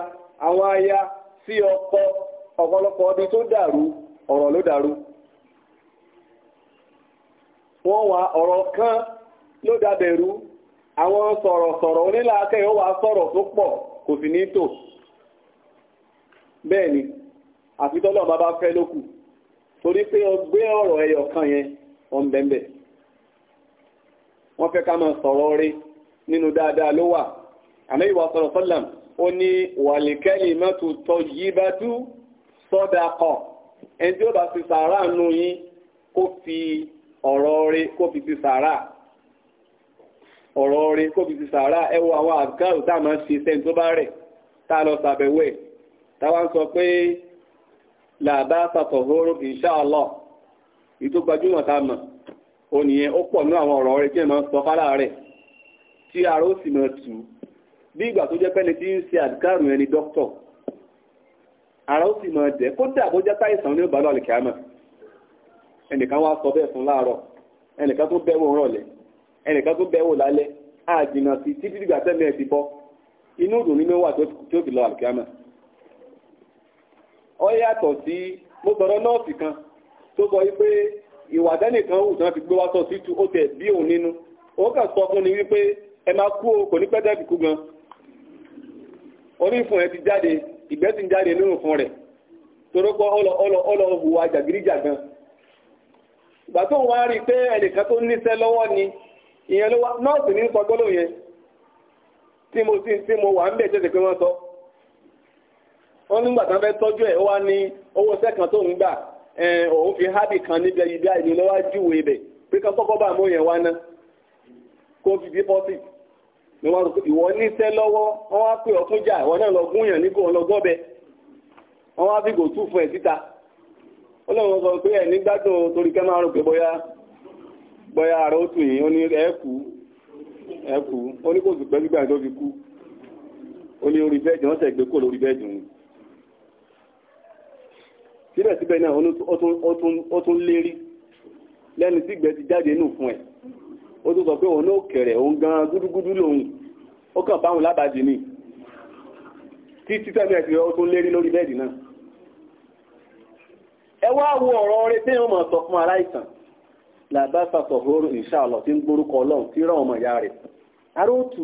àwọn aya sí ọkọ ọ̀pọ̀lọpọ̀ ọdún tó dàrú ọ̀rọ̀ ló dàrú wọ́n wá ọ̀rọ̀ kan ló dàbẹ̀rú àwọn sọ̀rọ̀sọ̀rọ̀ onílàákẹ́ yóò wá sọ̀rọ̀ tó pọ̀ kò sì ní tò bẹ́ẹ̀ ni àfitọ́lọ́ bàbá fẹ́ lókù torí pé ọgbẹ́ ọ̀rọ̀ ẹyọ kan yẹn wọ́n bẹ́ẹ̀ wọ́n fẹ́ ká máa sọ̀rọ̀ rí nínú dáadáa ló wà àmì ìwà sọ̀rọ̀ sọ́làm ó ní wàlìkẹ́lì mẹ́tò tọ́ yí bá tú sọ́dà kọ̀ ẹni tí ó bá ti sàárà nù yín kó fi ọ̀rọ̀ rí kó fi ti sàárà ọ̀rọ̀ rí kó fi ti sàárà ẹ wo àwọn àgbáwò tá a máa ń ṣe sẹ́ni tó bá rẹ̀ tá a lọ sàbẹ̀wẹ̀ táwa sọ pé làbá sàtọ̀ hóró insha Allah ìtò mọ̀ ó nìyẹn ó pọ̀ ní àwọn ọ̀rọ̀ rẹ̀ sọ fálà rẹ̀ tí ara ó sì máa tù bí ìgbà tó jẹ́ pẹ́ni tí ń ẹni dókítọ̀ ara ó sì máa dẹ̀ kódà bó jẹ́ káìsàn ní ìbálò ẹnìkan wá sọ bẹ́ẹ̀ fún láàárọ̀ ẹnìkan tó ẹnìkan tó lálẹ́ àjìnà sí ti bọ́ lọ ọ yàtọ̀ sí mo sọ̀rọ̀ kan tó sọ wípé ìwà dẹ́nìkan wù tán fi gbé wá sọ sí ó tẹ̀ bí òun nínú ó kàn sọ fún ni wípé ẹ máa kú o kò ní pẹ́tẹ́ kú gan orí fún ẹ ti jáde ìgbẹ́ ti ń jáde fún rẹ̀ torókọ ọlọ ọlọ ọlọ hùwà ìgbà tó ń wá rí i pé ni ìyẹn ló wá nọ́ọ̀sì ní yẹn tí mo ń wọ́n nígbà tán fẹ́ tọ́jú ẹ̀ ó wá ní owó sẹ́kàn tó ń gbà òun fi hábì kan níbi ibi àìní lọ́wọ́ júwe ibẹ̀ pé kán kọ́kọ́ bá yẹn wá ná kó fi ni wọ́n ìwọ níṣẹ́ lọ́wọ́ wọ́n wá pè ọkún jà ìwọ náà lọ gúnyàn ní kó lọ gọ́bẹ wọ́n wá fi tú fún ẹ̀ síta ó lóun sọ pé ẹ̀ nígbàdùn torí kẹ́ máa rò pé ó tù yín ó ní ó ní kò sì pẹ́ nígbà tó fi kú ó ní síbẹ̀síbẹ̀ náà ó tún lérí lẹ́nu tí gbẹ́ ti jáde nù fún ẹ̀ ó tún sọ pé òun náà kẹ̀rẹ̀ òun gan gúdúgúdú lòun ó kàn báwọn lábàájì ni títí tẹ́lú ẹ̀ tí ó tún lérí lórí bẹ́ẹ̀dì náà ẹ wá wo ọ̀rọ̀ ọrẹ tí wọ́n mọ̀ sọ fún aláìsàn làbá sàtọ̀ hóró ìṣàlọ̀ tí ń gbórúkọ ọlọ́run tí ràn ọmọ ìyá rẹ̀ aróòtù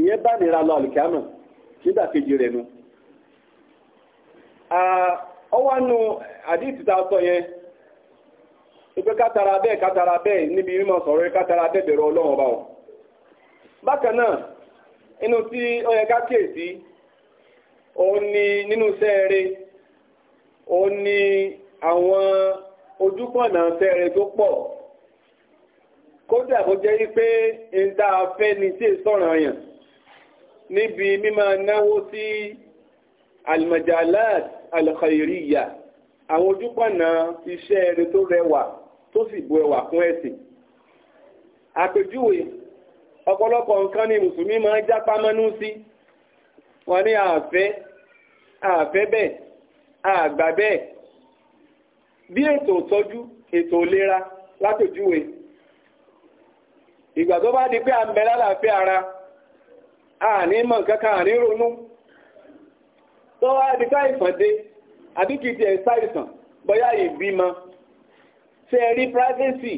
ìyẹn bá nira lọ àlùkìámọ̀ nígbà rẹ̀ nu ọwọ́ nù àdìsí tá a sọ yẹn ìpè kátara bẹ́ẹ̀ kátàrà bẹ́ẹ̀ níbi mímọ̀ sọ̀rọ̀ kátara bẹ́ẹ̀ bẹ̀rẹ̀ ọlọ́run ọba wọn. bákan náà inú tí ó yẹ ká kíyèsí òun ni nínú sẹ́ẹ̀rẹ́ òun ni àwọn ojúkọ̀nà sẹ́ẹ̀rẹ́ tó pọ̀ kódà kó jẹ́ wípé ń tá a fẹ́ ni tí èso ọ̀ràn yàn níbi mímọ̀ náwó sí. Si, almajalat alkhairiya àwọn ojúpọ̀nà iṣẹ́ rẹ tó rẹwà tó sì bu ẹwà kún ẹ̀sìn àpèjúwe ọ̀pọ̀lọpọ̀ nǹkan ni mùsùlùmí máa ń jápá mọ́nú sí wọ́n ní àfẹ́ àfẹ́ bẹ́ẹ̀ àgbà bẹ́ẹ̀ bí ètò ìtọ́jú ètò ìlera látòjúwe ìgbà tó bá di pé à ń ara àní mọ̀ nǹkan kan àní ronú tó wá di ká ìfọ̀dé àbí kìí ti ẹ̀ sáìsàn bóyá ìbímọ ṣe rí privacy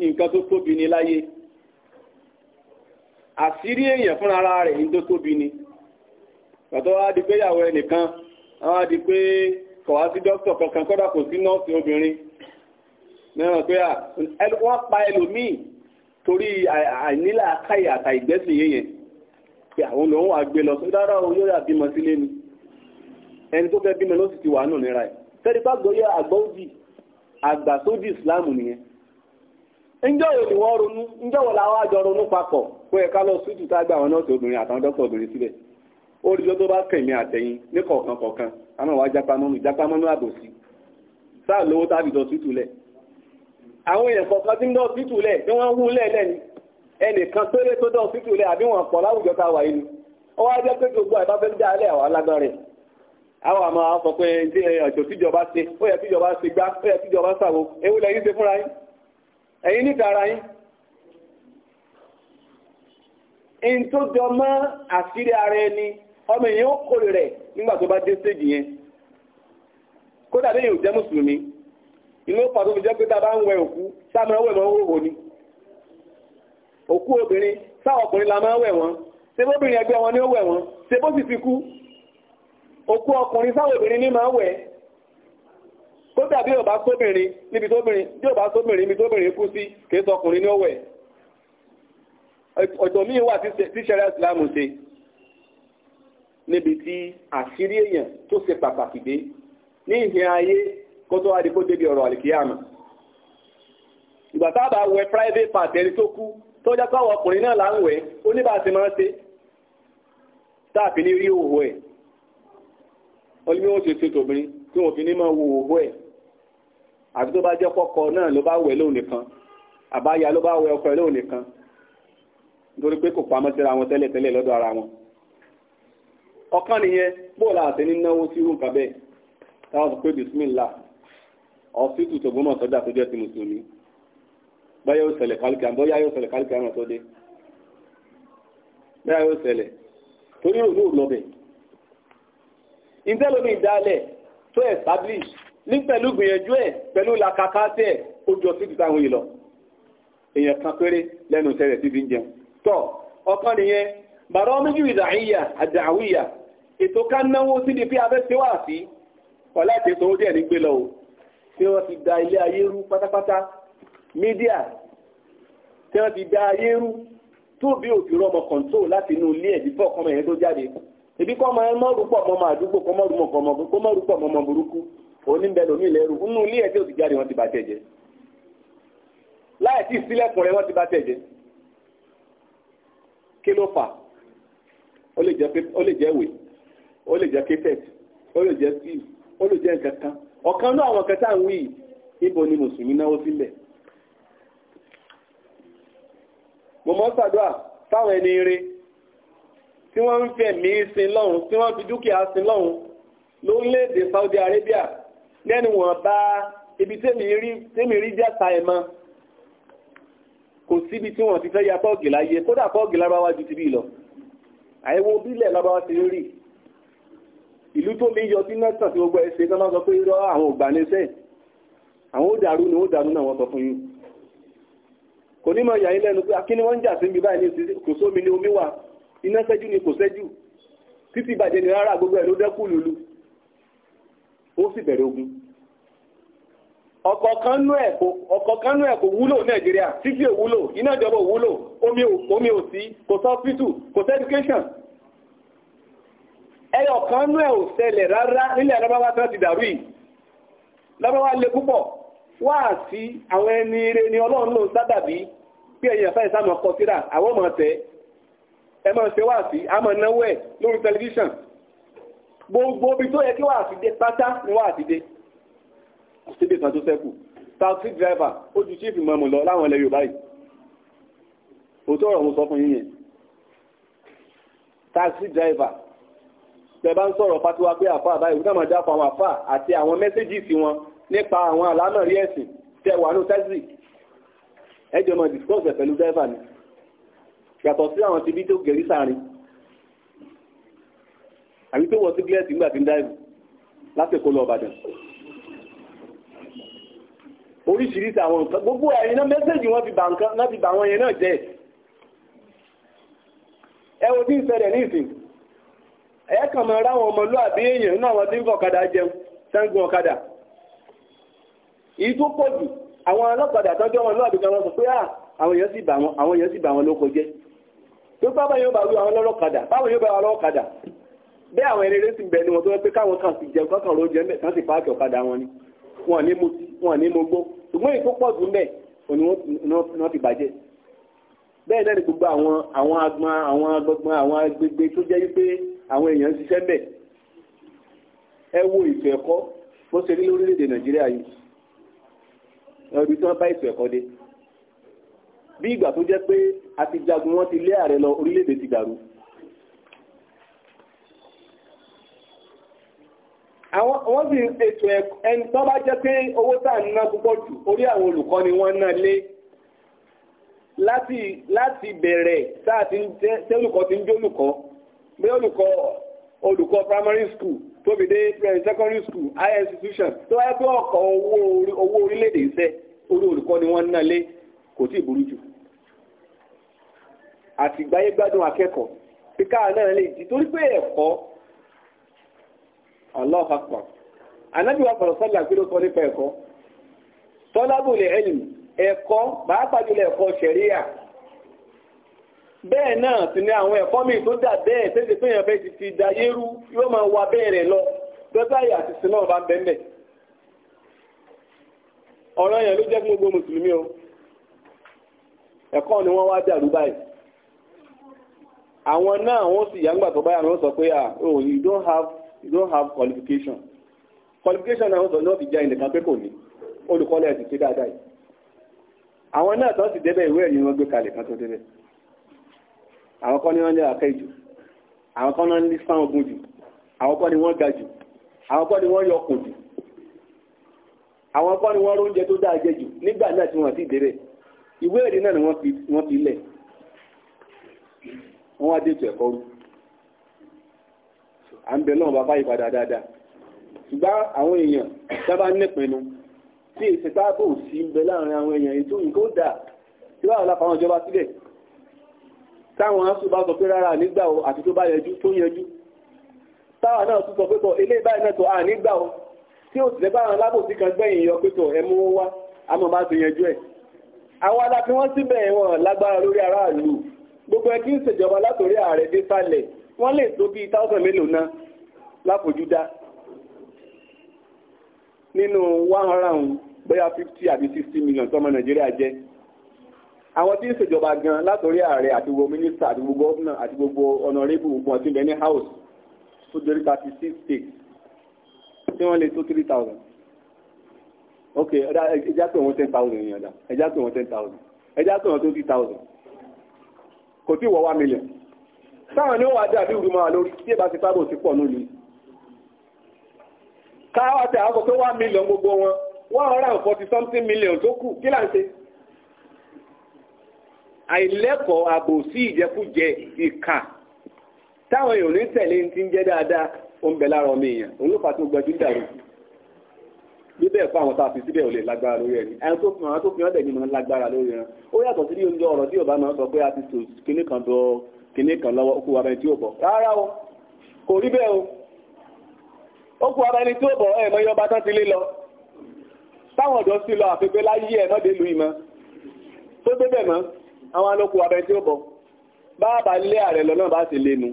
nǹkan tó tóbi ni láyé àṣírí èèyàn fúnra ara rẹ̀ ní tó tóbi ni ọ̀tọ́ wá di pé ìyàwó ẹnìkan wọ́n á di pé kọ̀ wá sí dókítà kankan kọ́dà kò sí nọ́ọ̀sì obìnrin mẹ́ràn pé wọ́n pa ẹlòmíì torí àìnílà káyà àtàìgbẹ́sìn yẹn yẹn pé àwọn lòun wà gbé lọ sódà rà ó yóò yà bímọ sílé ni. ẹni tó fẹ́ bímọ ló sì ti wà nù nira ẹ̀ tẹ́lí bá gbóyè àgbọ́jì àgbà sójú nìyẹn ńjọ́ wo ni wọ́n ronú ńjọ́ wo làwọn àjọ ronú papọ̀ pé ẹ̀ka lọ sútù tá a gbà wọn náà tó obìnrin àtàwọn dọ́kítọ̀ obìnrin síbẹ̀ ó rí ló bá kẹ̀mí àtẹ̀yìn ní kọ̀ọ̀kan kọ̀ọ̀kan àmọ́ wàá jápamọ́nú àbòsí lówó tábì lọ àwọn èèyàn kọ̀ọ̀kan tí ń wọ́n àwọn àmọ́ àwọn sọ pé tí ọ̀jọ̀ tíjọba ṣe ó yẹ tíjọba ṣe gbá ó yẹ tíjọba ṣàwò ewu lẹ́yìn ṣe fúnra yín ẹ̀yin níta ara yín. ẹni tó jọ mọ́ àṣírí ara ẹni ọmọ èèyàn ó kórè rẹ̀ nígbà tó bá dé stage yẹn kódà lẹ́yìn ò jẹ́ mùsùlùmí ìlú pàtó fi jẹ́ pé tá a bá ń wẹ òkú sáà máa wẹ̀ mọ́ òwò ni òkú obìnrin sáà ọkùnrin la máa wẹ̀ wọ́n ṣe bóbìnrin ẹgbẹ́ wọn ni ó wẹ̀ wọ́n ṣe bó sì fi kú òkú ọkùnrin sáwọn obìnrin ní máa wẹ̀ tó dàbí ọba sóbìnrin níbi tóbìnrin bí ọba sóbìnrin níbi tóbìnrin kú sí kìí sọkùnrin ní ọwẹ̀ ọ̀dọ̀ míì wà tí sẹ́rẹ́ ìsìlámù ṣe níbi tí àṣírí èèyàn tó ṣe pàtàkì dé ní ìhìn ayé kó tó wá kó débi ọ̀rọ̀ àlìkíyàmù ìgbà tábà wẹ̀ private part ẹni tó kú tó jẹ́ pàwọ̀ ọkùnrin náà là ń ó ní bá a ti máa ṣe táàbí ní rí òwò ẹ̀ wọ́n ní wọ́n ṣe ṣe tòbìnrin tí wọ́n fi ní máa wo òwò ẹ̀ àti tó bá jẹ́ kọ́kọ náà ló bá wẹ̀ lóun nìkan àbáyá ló bá wẹ ọkọ ẹ̀ lóun nìkan nítorí pé kò pamọ́ síra wọn tẹ́lẹ̀ tẹ́lẹ̀ lọ́dọ̀ ara wọn ọ̀kan nìyẹn bóòlù àti nínáwó sí irú nǹkan bẹ́ẹ̀ táwọn sọ pé bisimilá ọ̀sítù tògbómọ̀ sọ́jà tó jẹ́ ti mùsùlùmí báyọ̀ ṣẹlẹ̀ kálíkà bóyá yóò ṣẹlẹ̀ kálíkà náà tó dé báyọ̀ ṣẹlẹ̀ torí òun yóò lọ bẹ́ẹ̀ ìtẹ́lómi ìdálẹ̀ tó establish ní pẹ̀lú gbìyànjú ẹ̀ pẹ̀lú làkàkàtẹ̀ ó jọ sí ìdíta àwọn èèyàn lọ èèyàn kan péré lẹ́nu tẹ́rẹ̀ sí fi ń jẹun tọ́ ọ̀kan nìyẹn bàrọ́ méjì ìdàáyà àdàwíyà ètò ká náwó síbi bí abẹ́ tí wà sí ọ̀lá ìtẹ̀sọ̀ ó díẹ̀ ní gbé lọ o tí wọ́n ibi kọ́ ọmọ ẹ mọ́ rúpọ̀ mọ́ ọmọ àdúgbò kọ́ mọ́ rúpọ̀ mọ́ kọ́ mọ́ rúpọ̀ mọ́ ọmọ burúkú oníbẹ̀ lómi lẹ́rù nínú ilé ẹ̀ tí ò ti jáde wọ́n ti bà tẹ̀ jẹ́ láì tí ìsílẹ̀kùn rẹ̀ wọ́n ti bà tẹ̀ jẹ́ kí ló fà ó lè jẹ́ ìwé ó lè jẹ́ kéfẹ̀tì ó lè jẹ́ steve ó lè jẹ́ nǹkan kan ọ̀kan náà àwọn kẹta ń wí ibo ni mùsùlùmí náwó sílẹ̀ mo mọ́ ṣàdúrà fáwọn ẹni ire tí wọ́n ń fẹ̀mí sin lọ́hùn tí wọ́n fi dúkìá sin lọ́hùn lórílẹ̀‐èdè Saudi Arabia lẹ́nu wọn bá ibi tẹ́mi rí jẹ́ta ẹ̀ mọ́ kò síbi tí wọ́n ti fẹ́ ya pọ́ọ̀gì láyé kódà pọ́ọ̀gì lábáwá ju ti bí lọ àìwọ bílẹ̀ lábáwá ti rí ìlú tó mi yọ sí nẹ́tàn tí gbogbo ẹ̀ṣẹ̀ tó máa sọ pé rọ àwọn ògbà níṣẹ́ àwọn ó dàrú ni ó dàrú náà wọ́n sọ fún yín kò ní mọ̀ yà lẹ́nu pé akíní wọ́n ń jà sí ibi báyìí ní kò sómi ní omi wà iná sẹ́jú ni kò sẹ́jú títí bàjẹ́ ni rárá gbogbo ẹ̀ ló dẹ́kù lulu ó sì bẹ̀rẹ̀ ogun ọ̀kọ̀ọ̀kan nú ẹ̀ kò wúlò nàìjíríà títí ò wúlò iná ìjọba ò wúlò omi ò sí kò sí hospital kò sí education ẹyọ kan nú ẹ̀ ò ṣẹlẹ̀ rárá nílẹ̀ lọ́bàwá tán ti dàrú yìí lọ́bàwá le púpọ̀ wá sí àwọn ẹni ire ni ọlọ́run ló ń sábàbí pé ẹ̀yìn ẹ̀fẹ́ ìsámọ̀ kọsíra àwọn ọmọ tẹ́ ẹ máa ṣe wá sí a máa náwó ẹ̀ lórí tẹlifíṣàn gbogbo ibi tó yẹ kí wà sí dé pátá ni wà sí dé síbi kan tó sẹ́kù taxi driver ó ju chief mọ̀mù lọ láwọn ilẹ̀ Yorùbá yìí òótọ́ ọ̀rọ̀ mo sọ fún yín yẹn taxi driver tẹ̀bá ń sọ̀rọ̀ fatiwa pé àfa àbáyé òun náà máa dáfọ àwọn àfa àti àwọn mẹ́sẹ́gìsì wọn nípa àwọn àlámọ̀rí ẹ̀sìn tẹ̀wà ní tẹ́sì ẹjọ́ máa discuss pẹ̀lú driver ni yàtọ̀ sí àwọn tibí tó gẹ̀rí sáàrin àbí tó wọ sí gílẹ̀sì nígbà tí ń dáìbù lásìkò lọ ọ̀bàdàn oríṣiríṣi àwọn nǹkan gbogbo ẹ̀yìn náà mẹ́sẹ̀jì wọ́n ti bà nǹkan láti bà àwọn yẹn náà jẹ́ ẹ wo tí ń ṣẹlẹ̀ ní ìsìn ẹ kàn máa ráwọn ọmọlúàbí èèyàn nínú àwọn tí ń fọ̀kadà jẹun sẹ́ńgùn ọ̀kadà èyí tó pọ̀ jù àwọn ọlọ́kadà tọ́jú ọmọlúàbí kan wọ́n sọ pé ah, àwọn èèyàn sì bà wọn lóko jẹ́ tó bá bá yóò bá wí àwọn ọlọ́kadà báwọn yóò bá wà lọ́kadà bẹ́ẹ̀ àwọn ẹni rẹ́sì bẹ̀ ni wọ́n tó wọ́n pé káwọn kan sì jẹun kọ́kàn ló jẹun kan sì páàkì ọ̀kadà wọn ni wọn ní mo wọn ní mo gbó ṣùgbọ́n èyí tó pọ̀ jù mẹ́ òní wọn ti bàjẹ́ bẹ́ẹ̀ náà ni gbogbo àwọn àwọn agbọn àwọn agbọgbọn àwọn agbègbè tó jẹ́ wípé àwọn èèyàn ń ṣiṣẹ́ bẹ̀ ẹ wo ètò ẹ̀kọ́ bó ṣe rí lórílẹ̀‐èdè Nàìjíríà yìí ẹ̀rọ ibi tí wọ́n bá ètò ẹ̀kọ́ dé bí ìgbà tó jẹ́ pé a ti jagun wọ́n ti lé ààrẹ lọ orílẹ̀-èdè ti dàrú. àwọn wọ́n sì ètò ẹni tó bá jẹ́ pé owó tá à púpọ̀ jù orí àwọn olùkọ́ ni wọ́n ná lé láti bẹ̀rẹ̀ tá a ti ń jẹ́ tí olùkọ́ ti olùkọ́ olùkọ́ olùkọ́ primary school tó fi dé eh, secondary school higher institution tó wáyé pé ọkọ̀ owó orílẹ̀-èdè iṣẹ́ orí olùkọ́ ni wọ́n ná lé kò tí ì burú jù. àti ìgbáyé gbádùn akẹ́kọ̀ọ́ pé káà náà lè di torí pé ẹ̀kọ́ Allahu Akbar anábì wa fọ̀rọ̀ sọ́là gbé ló sọ nípa ẹ̀kọ́ tọ́lábùlẹ̀ ẹ̀lìm ẹ̀kọ́ pàápàá jùlọ ẹ̀kọ́ ṣẹ̀ríà bẹ́ẹ̀ náà sì ni àwọn ẹ̀kọ́ míì tó dà bẹ́ẹ̀ tẹ́sí pé èèyàn fẹ́ ti ti dayé rú yóò máa wà bẹ́ẹ̀ rẹ̀ lọ dọ́tà àyà àti sinú ọ̀bá bẹ́ẹ̀ ọ̀rọ̀ yẹn ló jẹ́ fún gbogbo mùsùlùmí o ẹ̀kọ́ ni wọ́n wá dàrú báyìí àwọn náà wọ́n sì yàgbà tó báyà wọ́n sọ pé ah oh you don't have you don't have qualification qualification náà wọ́n sọ náà fi jẹ́ ẹnìkan pé kò ní olùkọ́lẹ̀ ẹ̀sìn ṣe dáadáa yìí àwọn náà tó sì débẹ̀ ìwé ẹ̀rí wọn gbé kalẹ̀ kan tó débẹ̀ àwọn kan ní wọn lé àkẹ́ jù àwọn kan ní sáwọn ogun jù àwọn kan ní wọ́n ga jù àwọn kan ní wọ́n yọ kò jù àwọn kan ní wọ́n tó wọ́n wá dètò ẹ̀kọ́ rú à ń bẹ lọ́wọ́ bàbá yìí padà dáadáa ṣùgbọ́n àwọn èèyàn sábà ń nípinnu tí èsì táàbò sí ń bẹ láàrin àwọn èèyàn ètò nǹkan ó dà tí wàá láfa àwọn ìjọba sílẹ̀ táwọn aṣọ bá sọ pé rárá nígbà o àti tó bá yẹjú tó yẹjú táwọn náà tún sọ pé tọ ilé ìbáyìí náà tọ à nígbà o tí ó tilẹ̀ báwọn alábòsí kan gbẹ̀yìn yọ pé tọ ẹ mú wá a bá ti yanjú ẹ̀ àwọn aláfi síbẹ̀ wọn lágbára lórí aráàlú gbogbo ẹ kí ń ṣèjọba látòrí ààrẹ dé sálẹ̀ wọ́n lè tó bíi táwọn mélòó náà láfojúdá nínú one hundred and bóyá fifty àbí sixty million tọmọ nàìjíríà jẹ́ àwọn tí ń ṣèjọba gan látòrí ààrẹ àti gbogbo mínísítà àti gbogbo gọ́vnà àti gbogbo ọ̀nàrẹ́bù gbogbo ọ̀tí bẹ́ẹ̀ ní house tó dorí thirty six states tí wọ́n lè tó three thousand ok ẹja pé wọ́n ten thousand yẹn ọ̀dà ẹja pé wọ́n ten thousand ẹja pé kò tí wọ́n wá mílíọ̀n táwọn ni ó wà dàbí ìgbìmọ̀ àlórí tí èbá ti pábò sí pọ̀ nílùú káwà tẹ àwọn tó wá mílíọ̀n gbogbo wọn one hundred and forty something million tó kù kí là ń ṣe àìlẹ́kọ̀ọ́ ààbò sí ìjẹkújẹ ìkà táwọn èèyàn ní tẹ̀lé ti ń jẹ́ dáadáa ó ń bẹ èèyàn òun ló fà tó gbẹjú dàrú bíbẹ̀ fún àwọn tá a fi síbẹ̀ ò lè lágbára lórí ẹni ẹni tó fi hàn tó fi hàn dẹ̀ ní máa ń lágbára lórí ẹran ó yàtọ̀ sí oúnjẹ ọ̀rọ̀ tí yorùbá máa ń sọ pé a ti sùn kinní kan dọ kinní kan lọ́wọ́ okùn abẹni tí ó bọ̀ rárá o kò rí bẹ́ẹ̀ o okùn abẹni tí ó bọ̀ ẹ̀ mọ iye ọba tán ti lé lọ táwọn ọ̀dọ́ sí lọ àfẹ́fẹ́ láyé ẹ̀ mọ́dé lu ìmọ̀ tó gbé bẹ̀ mọ́ àwọn alókùn abẹni tí ó bọ̀ báàbà lé ààrẹ lọ náà bá sì lé nu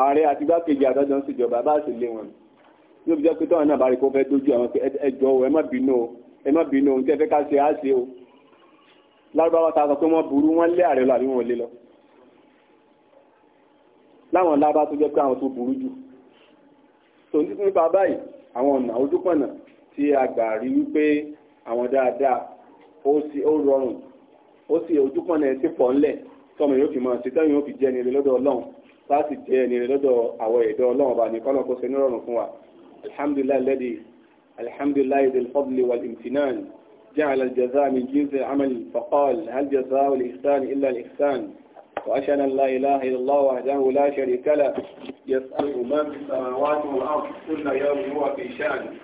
ààrẹ àti gbákejì ń ṣèjọba bá sì lé wọn nù yóò fi jẹ́ pé tọ́wọ́n náà bá rí kó fẹ́ dojú àwọn ẹjọ́ ẹ má bínú o ẹ má bínú o nítorí ká ṣe á ṣe o lárúbáwá ta sọ pé wọ́n burú wọ́n lé ààrẹ lọ àbí wọ́n lé lọ láwọn lábá tó jẹ́ pé àwọn tó burú jù tó ní nípa báyìí àwọn ọ̀nà ojúpọ̀nà tí a gbà rí wípé àwọn dáadáa ó sì ó rọrùn ó sì ojúpọ̀nà ẹ̀ sì pọ̀ ńlẹ̀ tọmọ yóò fi mọ̀ sí tẹ́yìn yóò fi jẹ́ ẹni rẹ lọ́dọ̀ ọlọ́run láti jẹ́ ẹni rẹ lọ́dọ̀ àwọn ẹ̀dọ́ ọlọ́run ọba ní kọ́lọ́kọ́ sẹ́ni rọrùn fún wa الحمد لله الذي الحمد لله ذي الفضل والامتنان جعل الجزاء من جنس العمل فقال هل جزاء الإحسان إلا الإحسان وأشهد أن لا إله إلا الله وحده لا شريك له يسأله من في السماوات والأرض كل يوم هو في شان